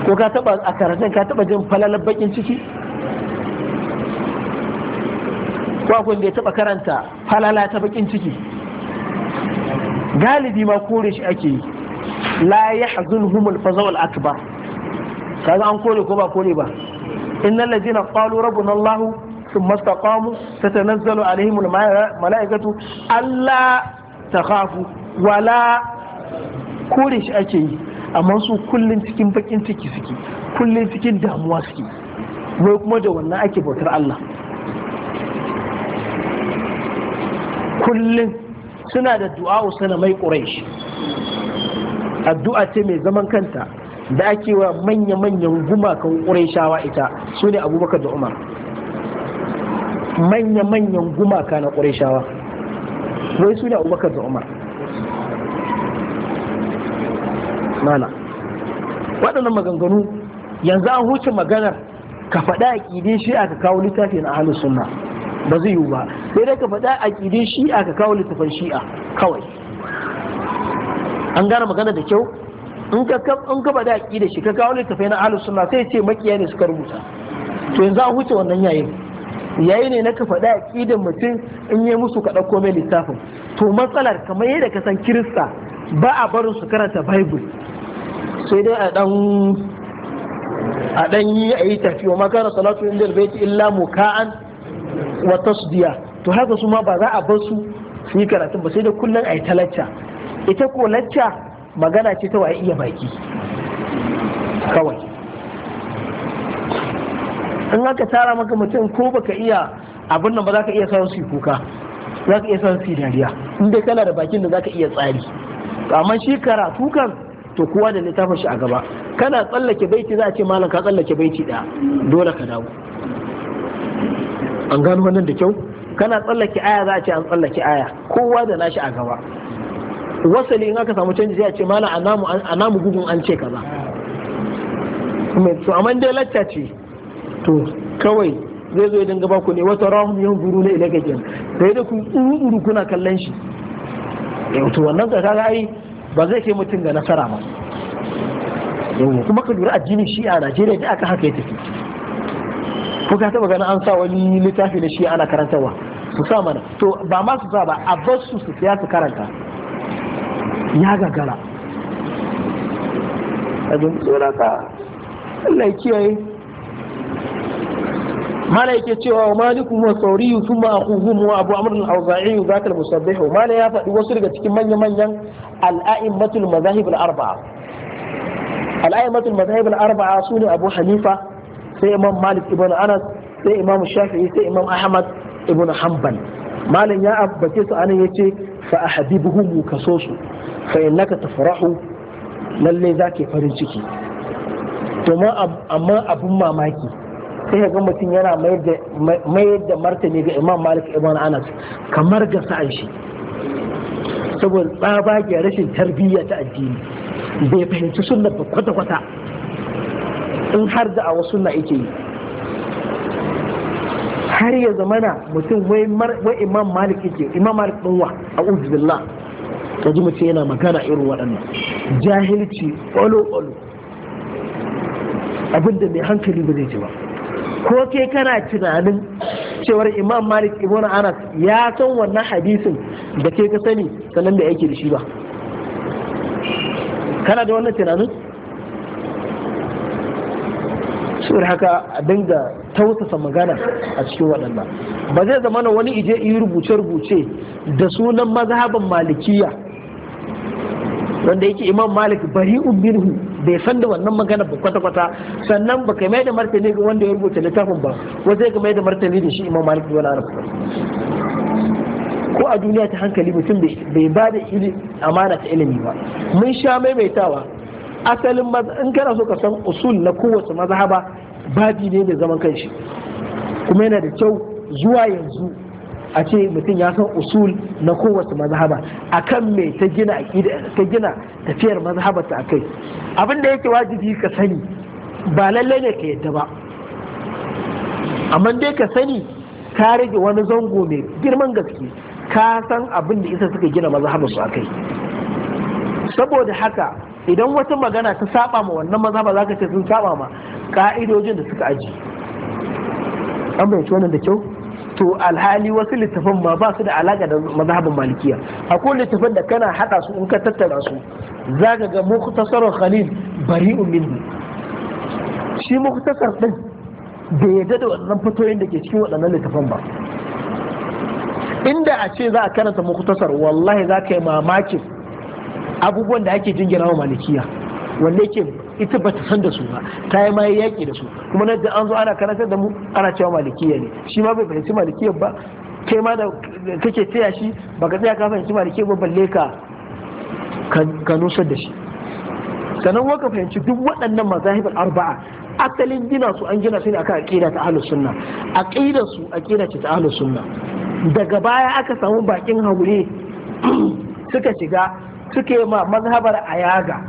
ko ka taba a karatun ka taba jin falalar bakin ciki ko akwai da ya taba karanta falala ta bakin ciki galibi ma kore shi ake yi la ya al humul fazawal akbar kaga an kore ko ba kore ba innal ladina qalu rabbuna allah thumma istaqamu tatanazzalu alaihim al-malaikatu alla takhafu wala kore shi ake yi amma su kullum cikin bakin ciki suke kullum cikin damuwa suke wai kuma da wannan ake bautar Allah kullum suna da du'a sana mai quraish addu'a ce mai zaman kanta da ake wa manya-manyan gumakan qurayshawa ita su ne abubakar da umar manya-manyan gumaka na qurayshawa wai su ne abubakar da umar mana waɗannan maganganu yanzu an huce maganar ka faɗa a ƙidin shi'a ka kawo littafi na ahalin sunna ba zai yiwu ba sai dai ka faɗa a ƙidin shi'a ka kawo littafin shi'a kawai an gane magana da kyau in ka in ka faɗa shi ka kawo littafi na ahalin sunna sai ce makiya ne suka rubuta to yanzu an huce wannan yayin yayi ne na ka faɗa a ƙidin mutum in yi musu ka ɗauko mai littafin to matsalar kamar yadda ka san kirista ba a barin su karanta bible sai dai a dan yi a yi tafi ma makara salatu inda albayti illa ka'an wa tasdiya to haka su ma ba za a bar su su yi karatu ba sai da kullun a yi ta lacca ita ko lacca magana ce ta waye iya baki kawai in aka tara maka mutum ko baka iya abin nan ba za ka iya sayan su kuka za ka iya sayan su dariya in dai kana da bakin da za ka iya tsari amma shi karatu kan to kowa da littafin shi a gaba kana tsallake baiti za a ce malam ka tsallake baiti ɗaya dole ka dawo an gano wannan da kyau kana tsallake aya za a ce an tsallake aya kowa da nashi a gaba wasali in aka samu canji a ce malam a namu gudun an ce kaza to amma dai lacca ce to kawai zai zo ya dinga ba ku ne wata rahum yan guru ne ilaka kenan sai da ku tsuru kuna kallon shi eh, to wannan ka kaga ai ba zai kai mutum ga nasara ba kuma ka lura addinin shi a najeriya da aka haka ya tafi ko ka taba ganin an sa wani littafi na shi ana karantarwa su sa mana to ba ma su sa ba a bar su su su karanta ya gagara a ka Allah ya kiyaye mala yake cewa wa malikum wa sauriyu thumma akhuhum wa abu amr al-awza'i zaka al-musabbihu mala ya faɗi wasu daga cikin manya manyan al-a'immatul mazahib al-arba'a al-a'immatul mazahib al-arba'a sune abu hanifa sai imam malik ibn anas sai imam shafi'i sai imam ahmad ibn hanbal malam ya abbace su anan yace fa ahbibuhum kaso su fa innaka tafrahu lalle zaki farin ciki to amma abun mamaki sai ga mutum yana mayar da martani ga imam malik ibn anas kamar ga sa'an shi saboda tsabagen rashin tarbiyya ta addini bai fahimci suna ba kwata-kwata in har da a wasu na ike yi har ya zamana mutum wai imam malik yake imam malik ɗinwa a uzubillah ka ji mutum yana magana irin waɗannan jahilci olo olo abinda mai hankali ba zai ci ba ko kai kana tunanin cewar imam malik ibn anas ya san wannan hadisin da ke ka sani sannan da yake da shi ba kana da wannan tunanin saboda haka a dinga tausasa magana a cikin waɗannan ba zai zama wani ije yi rubuce-rubuce da sunan mazhaban malikiya wanda yake imam malik bari'un minhu bai san da wannan magana ba kwata kwata sannan ba ka mai da martani ga wanda ya rubuta littafin ba ko zai ka mai da martani da shi imam malik bin arab ko a duniya ta hankali mutum bai ba da amana ta ilimi ba mun sha maimaitawa asalin in kana so ka san usul na kowace mazhaba babi ne da zaman kanshi kuma yana da kyau zuwa yanzu a ce mutum ya san usul na kowace mazhaba akan me ta gina ta gina tafiyar mazhaba ta akai abin da yake wajibi ka sani ba lalle ne ka yadda ba amma dai ka sani ka rage wani zango mai girman gaske ka san abin da isa suka gina mazhaba su akai saboda haka idan wata magana ta saba ma wannan mazhaba zaka ce sun saba ma ka'idojin da suka aji an bai wannan da kyau to alhali wasu littafan ma ba su da alaka da mazhabin malikiya akwai littafan da kana hada su in ka tattara su Za ka ga mukhtasarul khalil bari'un minhu shi mukhtasar din bai yadda da wannan fitoyin da ke cikin waɗannan littafan ba inda a ce za a karanta mukhtasar wallahi za ka yi mamakin abubuwan da ake jingina wa malikiya wanda yake ita ba ta san da su ba ta yi ma yaƙi da su kuma na an zo ana karantar da mu ana cewa malikiya ne shi ma bai fahimci malikiya ba kai ma da kake taya shi ba ka tsaya ka fahimci malikiya ba balle ka ka nusar da shi sannan waka fahimci duk waɗannan mazahibar arba'a asalin gina su an gina su ne akan aqida ta ahlus sunna aqidar su aqida ce ta ahlus sunna daga baya aka samu bakin haure *clears throat* suka shiga suke ma mazhabar ayaga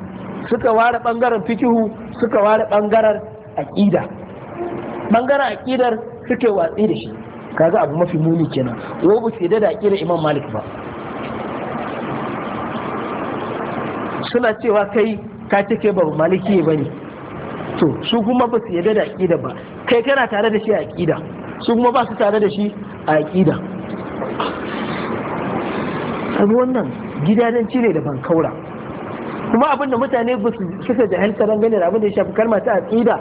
suka ware bangaren fikihu suka ware bangaren aqida bangaren aqidar suke watsi da shi kaga abu mafi muni kenan wa ba sai da aqidar imam malik ba suna cewa kai ka take ba maliki ba ne, to su kuma ba su yarda da aqida ba kai kana tare da shi a aqida su kuma ba su tare da shi a aqida abu wannan gidajen ne da ban kaura kuma abin da mutane ba su suka jahilta dangane da abin da ya shafi kalma ta aqida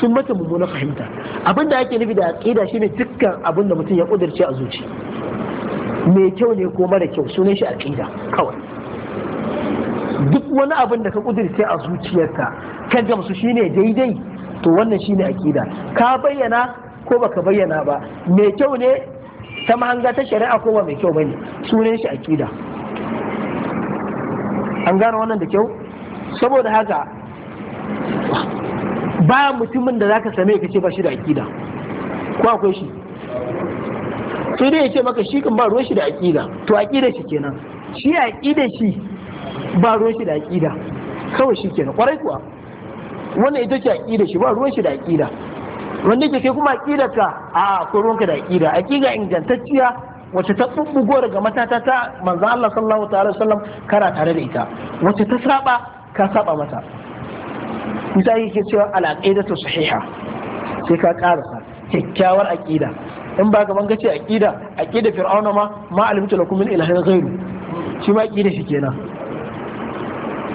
sun mata mummuna fahimta abin da ake nufi da aqida shine dukkan abin da mutum ya kudirce a zuci mai kyau ne ko mara kyau sunan shi aqida kawai duk wani abin da ka kudirce a zuciyarka kan gamsu shine daidai to wannan shine aqida ka bayyana ko baka bayyana ba mai kyau ne ta mahanga ta shari'a ko ba mai kyau bane sunan shi aqida an gano wannan da kyau saboda haka ba mutumin da zaka same ka ce ba shi da aƙida ko akwai shi sai dai ya ce maka shi kan ba ruwan shi da aƙida to aƙida shi kenan shi aƙida shi ba ruwan shi da aƙida kawai shi kenan kwarai kuwa wannan ita ce aƙida shi ba ruwan shi da aƙida wanda ke kai kuma akida ka a ko ka da aƙida aƙida ingantacciya wacce ta bubbugo daga matata ta manzo Allah sallallahu ta'ala sallam kana tare da ita wacce ta saba ka saba mata isa yake cewa al ta sahiha sai ka karasa kyakkyawar aqida in ba gaban gace aqida aqida fir'auna ma ma alimtu lakum min ilahin ghairu shi ma aqida shi kenan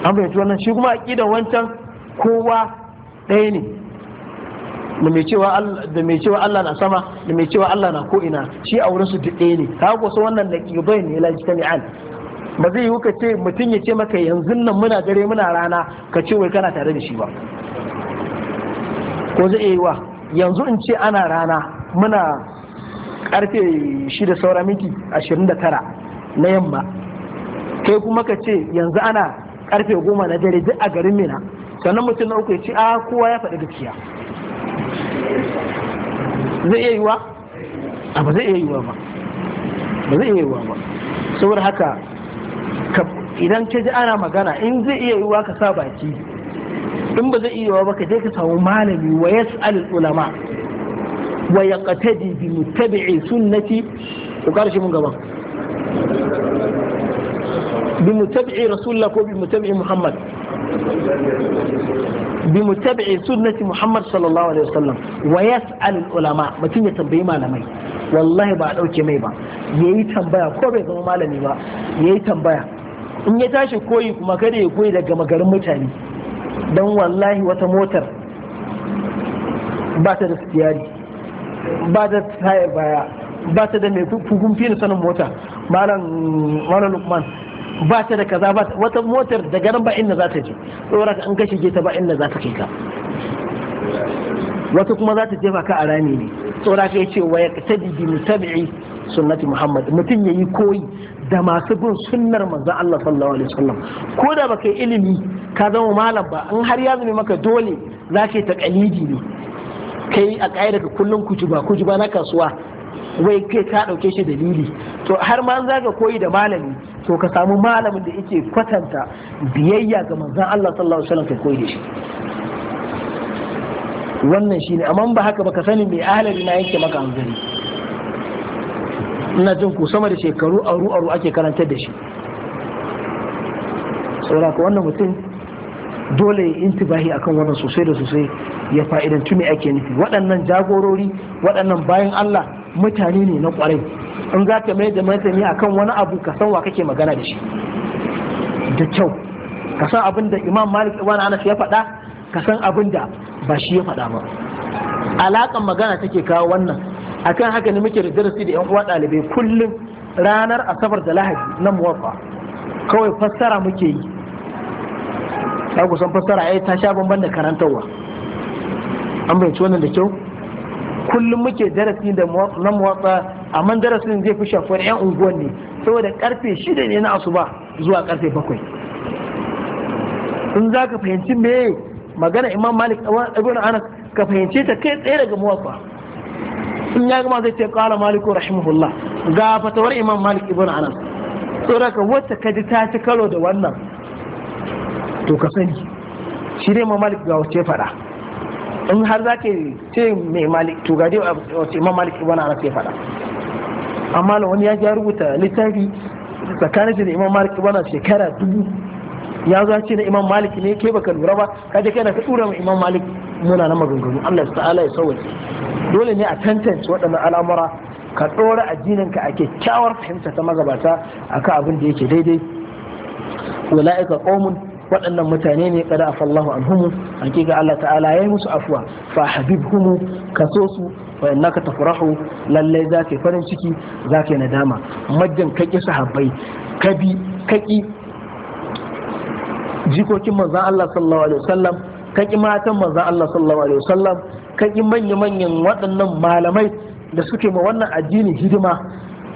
an bayyana wannan shi kuma aƙida wancan kowa ɗaya ne da mai cewa Allah na sama da mai cewa Allah na ko ina shi a wurin su duk ne kago ko wannan da kibai ne la jitami'an ba zai yi ka ce mutum ya ce maka yanzu nan muna dare muna rana ka ce wai kana tare da shi ba ko zai yi wa yanzu in ce ana rana muna karfe shida saura minti ashirin na yamma kai kuma ka ce yanzu ana karfe goma na dare duk a garin mina sannan mutum na uku ya ce a ah, kowa ya faɗi gaskiya zai iya yiwa a ba zai iya yiwa ba ba zai iya yiwa ba saboda haka idan ka ji ana magana in zai iya yiwa ka sa baki in ba zai iya yiwa ba ka je ka samu malami wa yas'al ulama wa yaqtadi bi muttabi'i sunnati ku karshe mun gaban bi muttabi'i rasulullah ko bi muttabi'i muhammad bimutabi'i sunnati muhammad sallallahu alaihi wasallam wa yas'al ulama mutum ya tambayi malamai wallahi ba a dauke mai ba yayi tambaya ko bai zama malami ba yayi tambaya in ya tashi koyi kuma kada ya koyi daga magarin mutane don wallahi wata motar ba ta da tsiyari ba da tayar baya ba ta da mai kugun sanin mota malam lukman ba ta da kaza ba wata motar da garin ba inda za ta je ka an kashe ta ba inda za ta kai ka wata kuma za ta jefa ka a rami ne tsoraka ya ce wa ya tabi bi mutabi'i sunnati muhammad mutum ya yi koyi da masu bin sunnar manzo Allah sallallahu alaihi wasallam ko da baka yi ilimi ka zama malam ba in har ya zame maka dole za ka yi taqalidi ne kai a ƙa'ida ka kullum kujuba kujuba na kasuwa wai kai ka ɗauke shi dalili to har ma za koyi da malami to ka samu malamin da yake kwatanta biyayya ga manzon Allah sallallahu alaihi wasallam ka koyi da shi wannan shine amma ba haka ba ka sani mai ahalari na yake maka hanzari ina jin ku sama da shekaru aru aru ake karantar da shi saboda ka wannan mutum dole ya intibahi akan wannan sosai da sosai ya fa'idantu me ake nufi waɗannan jagorori waɗannan bayan Allah mutane ne na ƙwarai in za ka mai da martani akan wani abu ka san wa kake magana da shi da kyau ka san abin da Imam Malik ibn Anas ya faɗa ka san abin da ba shi ya faɗa ba alaƙan magana take kawo wannan akan haka ne muke da darasi da 'yan uwa ɗalibai kullum ranar asabar da lahadi na kawai fassara muke yi ta kusan fassara ai ta sha bamban da karantarwa an ci wannan da kyau kullum muke darasi da na muwatsa amma darasin zai fi shafuwar yan unguwan ne saboda karfe shida ne na asuba zuwa karfe bakwai in za ka fahimci me magana imam malik ibn anas ka fahimce ta kai tsaye daga muwatsa in ya gama zai ce qala maliku rahimahullah ga fatawar imam malik ibn anas saboda wacce ka ji ta ci karo da wannan to ka sani shi dai ma malik ga wace fada in har za ka ce mai malik to ga dai wace ma malik ibn na ce fada amma wani ya ja rubuta littafi tsakanin da imam malik ibn shekara dubu ya zo ce na imam malik ne ke baka lura ba ka je kana ka tura ma imam malik muna na maganganu Allah ta'ala ya sauwaje dole ne a tantance waɗannan al'amura ka ɗora addinin ka a kyakkyawar fahimta ta magabata akan abin da yake daidai ulaika qaumun waɗannan mutane ne kada a anhum hakika Allah ta'ala yayi musu afwa fa ka so su wa innaka tafrahu lalle zaka farin ciki za zaka nadama majjan kake sahabbai ka kaki jikokin manzon Allah sallallahu alaihi wasallam kaki matan manzon Allah sallallahu alaihi wasallam kaki manya manyan waɗannan malamai da suke ma wannan addini hidima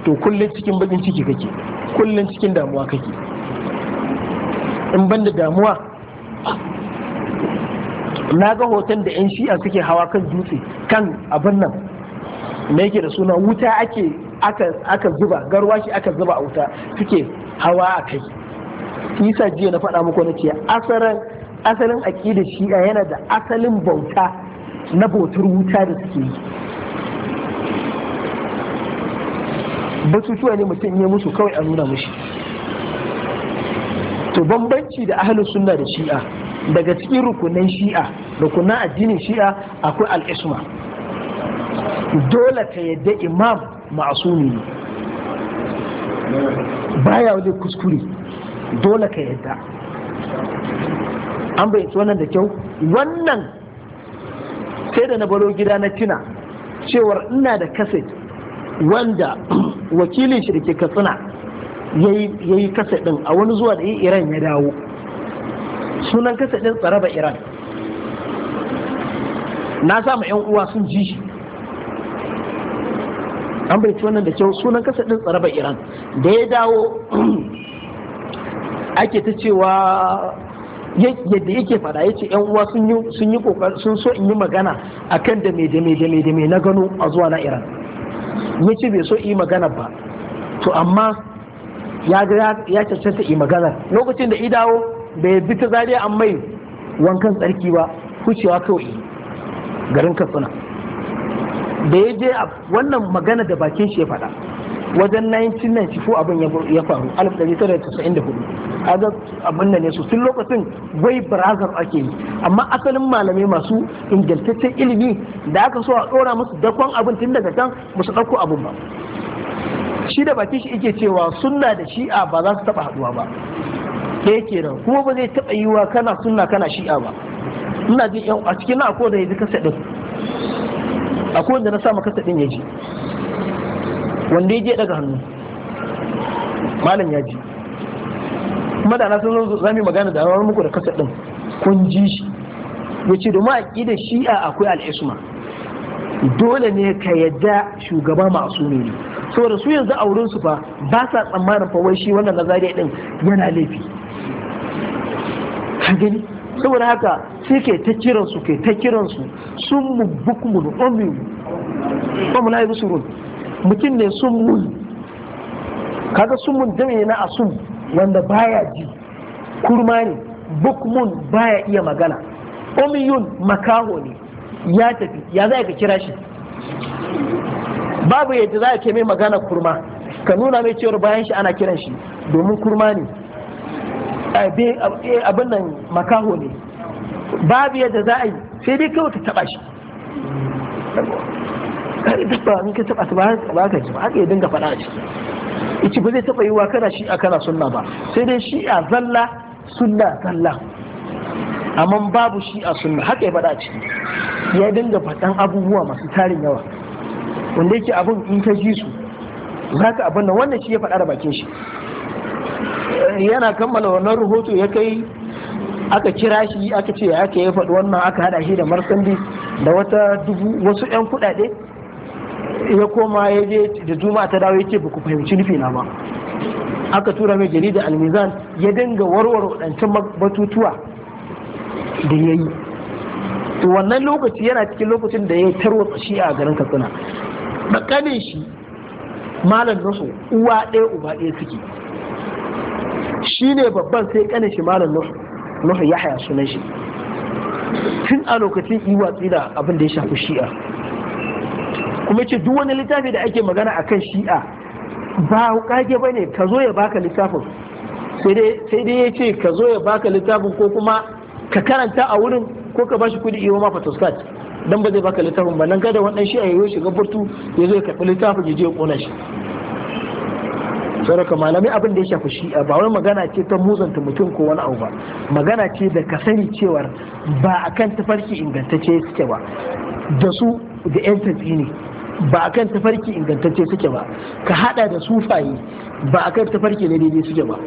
to kullun cikin bakin ciki kake kullun cikin damuwa kake in ban da damuwa na ga hoton da 'yan shi'a suke hawa kan dutse kan abin nan me yake da suna wuta ake aka zuba garwashi aka zuba a wuta suke hawa a kai isa jiya na faɗa muku na ce asalin aƙidar shi'a yana da asalin bauta na bautar wuta da suke yi batutuwa ne mutum ya musu kawai a nuna mushi to bambanci da ahlus sunna da shi'a daga cikin rukunan shi'a rukunan addinin shi'a akwai al'isma dole ta yadda imam ma'asumi ne baya wani kuskure dole ka yadda an bayyanci wannan da kyau wannan sai da na baro gida na tina cewar ina da kaset wanda *clears throat* wakilin shi da ke katsina ya yi kasa ɗin a wani zuwa da yi iran ya dawo sunan kasa ɗin tsaraba iran na samu yan uwa sun ji shi an bai wannan da kyau sunan kasa ɗin tsaraba iran da ya dawo *clears throat* ake ta cewa yadda yake fada ya ce yan uwa sun yi sun so in yi magana kan da mai da mai da mai da mai na gano a zuwa na iran ya ce bai so yi magana ba to amma ya ga ya cancanta yi magana lokacin da idawo bai bi ta zariya an mai wankan tsarki ba kucewa kawai garin katsina da ya je wannan magana da bakin shi ya faɗa wajen 1994 abin ya faru 1994 aga abin da ne su lokacin gwai barazar ake yi amma asalin malamai masu ingantaccen ilimi da aka so a tsora musu dakon abin tun daga can musu ɗauko abin ba shi da baki shi yake cewa sunna da shi'a ba za su taba haduwa ba da yake nan kuma ba zai taba yiwa kana sunna kana shi'a ba ina jin yan a cikin na akwai da yaji kasa din akwai wanda na sa maka kasa din yaji wanda ya je daga hannu malam ya ji kuma da na san zo zamu magana da rawar muku da kasa din kun ji shi yace domin a da shi'a akwai al'isma dole ne ka yadda shugaba masu ne saboda su yanzu a wurin su fa ba sa tsammanin fa shi wannan nazariya din yana laifi ka gani saboda haka sai ke ta kiran su ke ta kiran su sun mu bukmun na yi la run mutum ne sun mu kaga sun mun dame na sun wanda baya ji kurma ne bukmun baya iya magana yun makaho ne ya tafi ya za ka kira shi babu yadda za ka mai magana kurma ka nuna mai cewar bayan shi ana kiran shi domin kurma ne e, abin nan makaho ne babu yadda za a yi sai dai kawai ka taba shi kai dabba in ka taba ba ba ka ji ba haka ya dinga faɗa a ciki ici ba zai taba wa kana shi'a kana sunna ba sai dai shi'a zalla sunna zalla amma babu shi a sunna haka ya faɗa ciki ya dinga faɗan abubuwa masu tarin yawa wanda yake abin in ka ji su za ka abin wannan shi ya faɗa da bakin shi yana kammala wannan rahoto ya kai aka kira shi aka ce aka ya faɗi wannan aka hada shi da marsandi da wata dubu wasu 'yan kuɗaɗe ya koma ya je da juma'a ta dawo yake ce ba ku fahimci nufi na ba aka tura mai jarida almizan ya dinga warware waɗancan batutuwa da ya yi wannan lokaci yana cikin lokacin da ya yi tarwatsa shi a garin katsina da kanin shi malam nasu uwa ɗaya uba ɗaya suke shi ne babban sai kanin shi malam nasu nasu ya haya sunan shi tun a lokacin yi watsi da abin da ya shafi shi'a kuma ce duk wani littafi da ake magana a kan shi'a ba kage ba ne ka zo ya baka littafin sai dai ya ce ka zo ya baka littafin ko kuma ka karanta a wurin ko ka bashi kuɗi iya mafa toskat don ba zai baka littafin ba nan gada wannan shi a yiwu shiga burtu ya zo ya karɓi littafin ya je ya ƙona shi saraka malamai abin da ya shafi shi ba wai magana ce ta muzanta mutum ko wani abu ba magana ce da ka sani cewar ba a kan tafarki ingantacce suke ba da su da yan tafi ne ba a kan tafarki ingantacce suke ba ka hada da sufaye ba a kan tafarki na daidai suke ba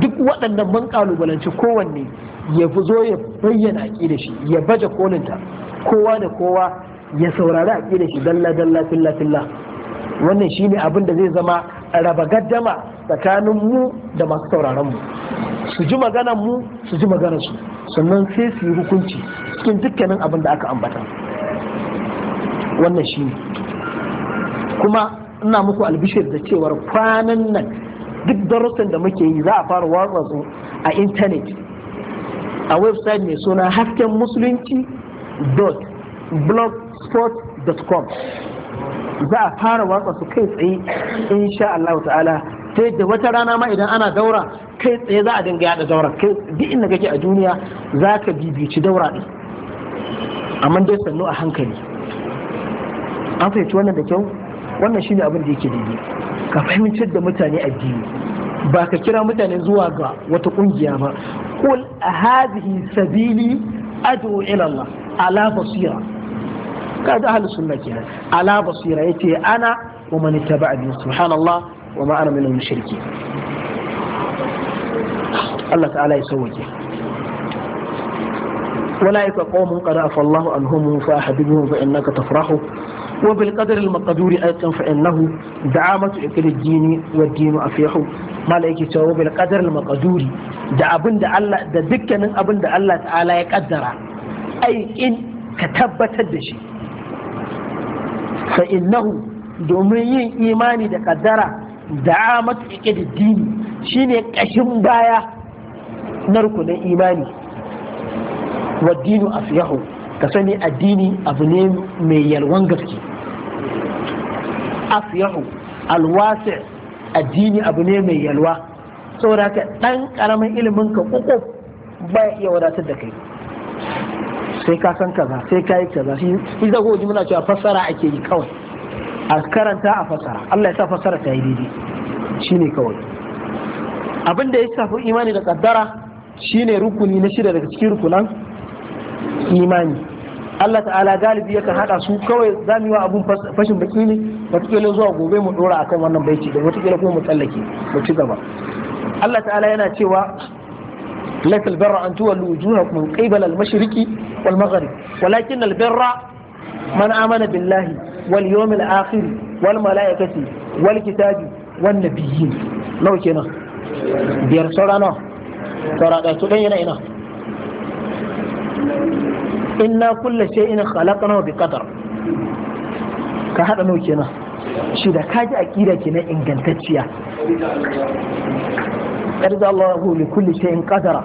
duk waɗannan man ƙalubalance kowanne ya fi zo ya bayyana aƙida shi ya baje kolinta kowa da kowa ya saurari a aƙida shi dalla dalla filla filla wannan shi ne abin da zai zama a raba gaddama tsakanin mu da masu sauraron mu su ji maganan mu su ji maganar su sannan sai su yi hukunci cikin dukkanin abin da aka ambata wannan shi kuma ina muku albishir da cewar kwanan nan duk darussan da muke yi za a fara watsa su a intanet a website mai suna hasken musulunci blogspot.com za a fara watsa su kai tsaye insha Allah ta'ala ta da wata rana ma idan ana daura kai tsaye za a dinga yada daura kai duk inda kake a duniya za ka bibici daura ɗin amma dai sannu a hankali an fahimci wannan da kyau wannan shi ne abin da yake daidai ka fahimtar da mutane addini ba ka kira mutane zuwa ga wata kungiya ba kul a hadhihi sabili ad'u ila Allah ala basira kaga ahlus sunna kenan ala basira yace ana wa man ittaba'ani subhanallah wa ma ana min al-mushriki Allah ta'ala ya sauke ولئك قوم قد عفى الله عنهم فأحببهم فإنك تفرح وبالقدر المقدور أيضا فإنه دعامة إكل الدين والدين أفيح ما لك تشاو المقدور da abin da Allah da dukkanin abin da Allah ta'ala ya kaddara ai ka tabbatar da shi fa domin yin imani da kaddara da'amatu iqdiddini shine kashin baya na rukunin imani wa dinu ka sani addini abu ne mai yalwan gaske afyahu alwasi addini abu ne mai yalwa saboda ka dan karamin ilimin ka kuku bai iya wadatar da kai sai ka san kaza sai ka yi kaza shi da goji muna cewa fassara ake yi kawai a karanta a fassara Allah ya sa fassara ta yi daidai shine kawai abin da ya shafi imani da kaddara shine rukuni na shida daga cikin rukunan imani Allah ta'ala galibi yakan haɗa su kawai za mu yi wa abun fashin baki ne wataƙila zuwa gobe mu ɗora akan wannan baici, da wataƙila kuma mu tsallake mu ci gaba Allah ta'ala yana cewa laisa albarra an tuwallu wujuhakum qibala al mashiriki wal maghrib walakin albarra man amana billahi wal yawmil akiri wal malaikati wal kitabi wan nabiyyin nawa kenan biyar sauran nawa sauran da su yana ina إنا كل شيء خلقناه بقدر كهذا نو كنا شو ذا كاجا أكيد كنا إن كان تجيا أرد الله لكل شيء قدر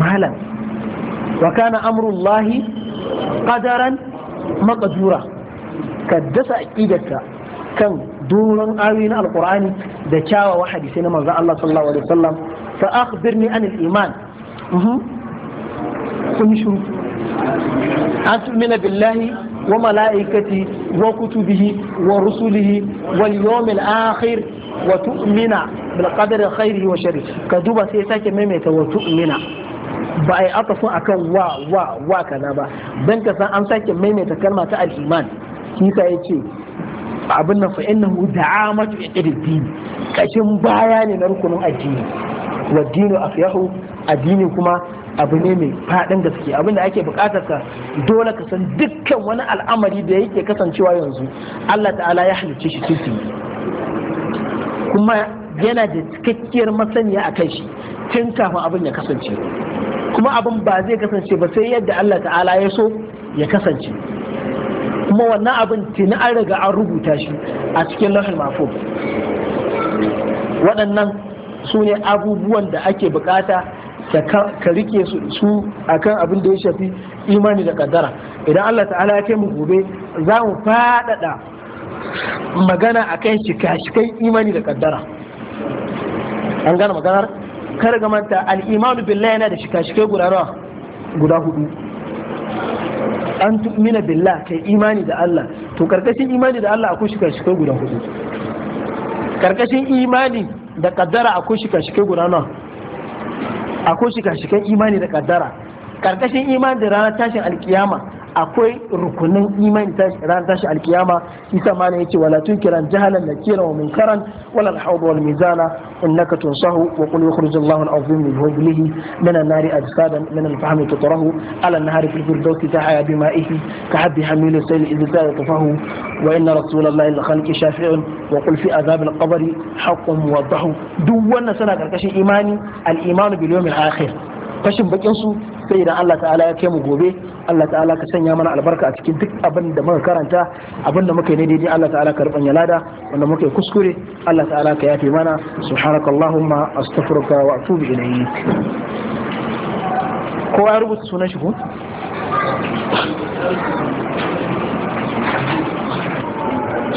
مهلا وكان أمر الله قدرا مقدورا كدس أكيدك كان دون آوين القرآن ذا شاوى واحد سنة مرضى الله صلى الله عليه وسلم فأخبرني عن الإيمان أمم شروط an tumina billahi wa mala'ikati wa kutubihi wa rusulihi wal yawmil akhir wa tu'mina bil qadri wa sharri ka duba sai sake maimaita wa tu'mina ba ai atafu akan wa wa wa kaza ba dan ka san an sake maimaita kalma ta al-iman kisa yace abin nan fa innahu da'amatu iqdiddin kashin baya ne na rukunin addini wa dinu afyahu addini kuma abu ne mai faɗin gaske abinda ake buƙatar ka dole ka san dukkan wani al'amari da yake kasancewa yanzu Allah ta'ala ya halicce shi tun kuma yana da cikakkiyar masaniya a kai shi tun kafin abin ya kasance kuma abin ba zai kasance ba sai yadda Allah ta'ala ya so ya kasance kuma wannan abin tuni an riga an rubuta shi a cikin lahul mafo waɗannan sune abubuwan da ake bukata ka rike su akan abin da ya shafi imani da kaddara idan Allah ta'ala ya kai mu gobe za mu faɗaɗa magana a kan shika-shikan imani da kaddara an gane maganar kar ga manta al-imanu billahi yana da shika-shikai guda nawa guda hudu an tu'mina billah kai imani da Allah to karkashin imani da Allah akwai shika-shikai guda hudu karkashin imani da kaddara akwai shika-shikai guda nawa akwai shika-shikan imani da kaddara karkashin imani da ranar tashin alkiyama akwai rukunin imani ran tashi alkiyama isa mana yace wala tunkiran jahalan nakira wa munkaran wala alhawd wal mizana innaka tunsahu wa qul yukhrij Allahu al-azim min hublihi min an-nari ajsadan min al-fahm tutrahu ala an-nahari fil firdausi tahya bima'ihi ka habbi hamil sayl idza yatafahu wa inna rasulallahi al-khalqi shafi'un wa qul fi azab al-qabri haqqun muwaddahu duk wannan sana karkashin imani al-imanu bil yawmil akhir fashin bakin su sai idan Allah ta'ala ya kai mu gobe Allah ta'ala ka sanya mana albarka a cikin duk abin da muka karanta abin da muka yi daidai Allah ta'ala ka rubanya lada wanda muka yi kuskure Allah ta'ala ka yafe mana subhanakallahumma astaghfiruka wa atubu ilayk ko ya rubuta sunan shi ko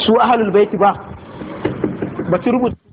su ahlul baiti ba ba rubuta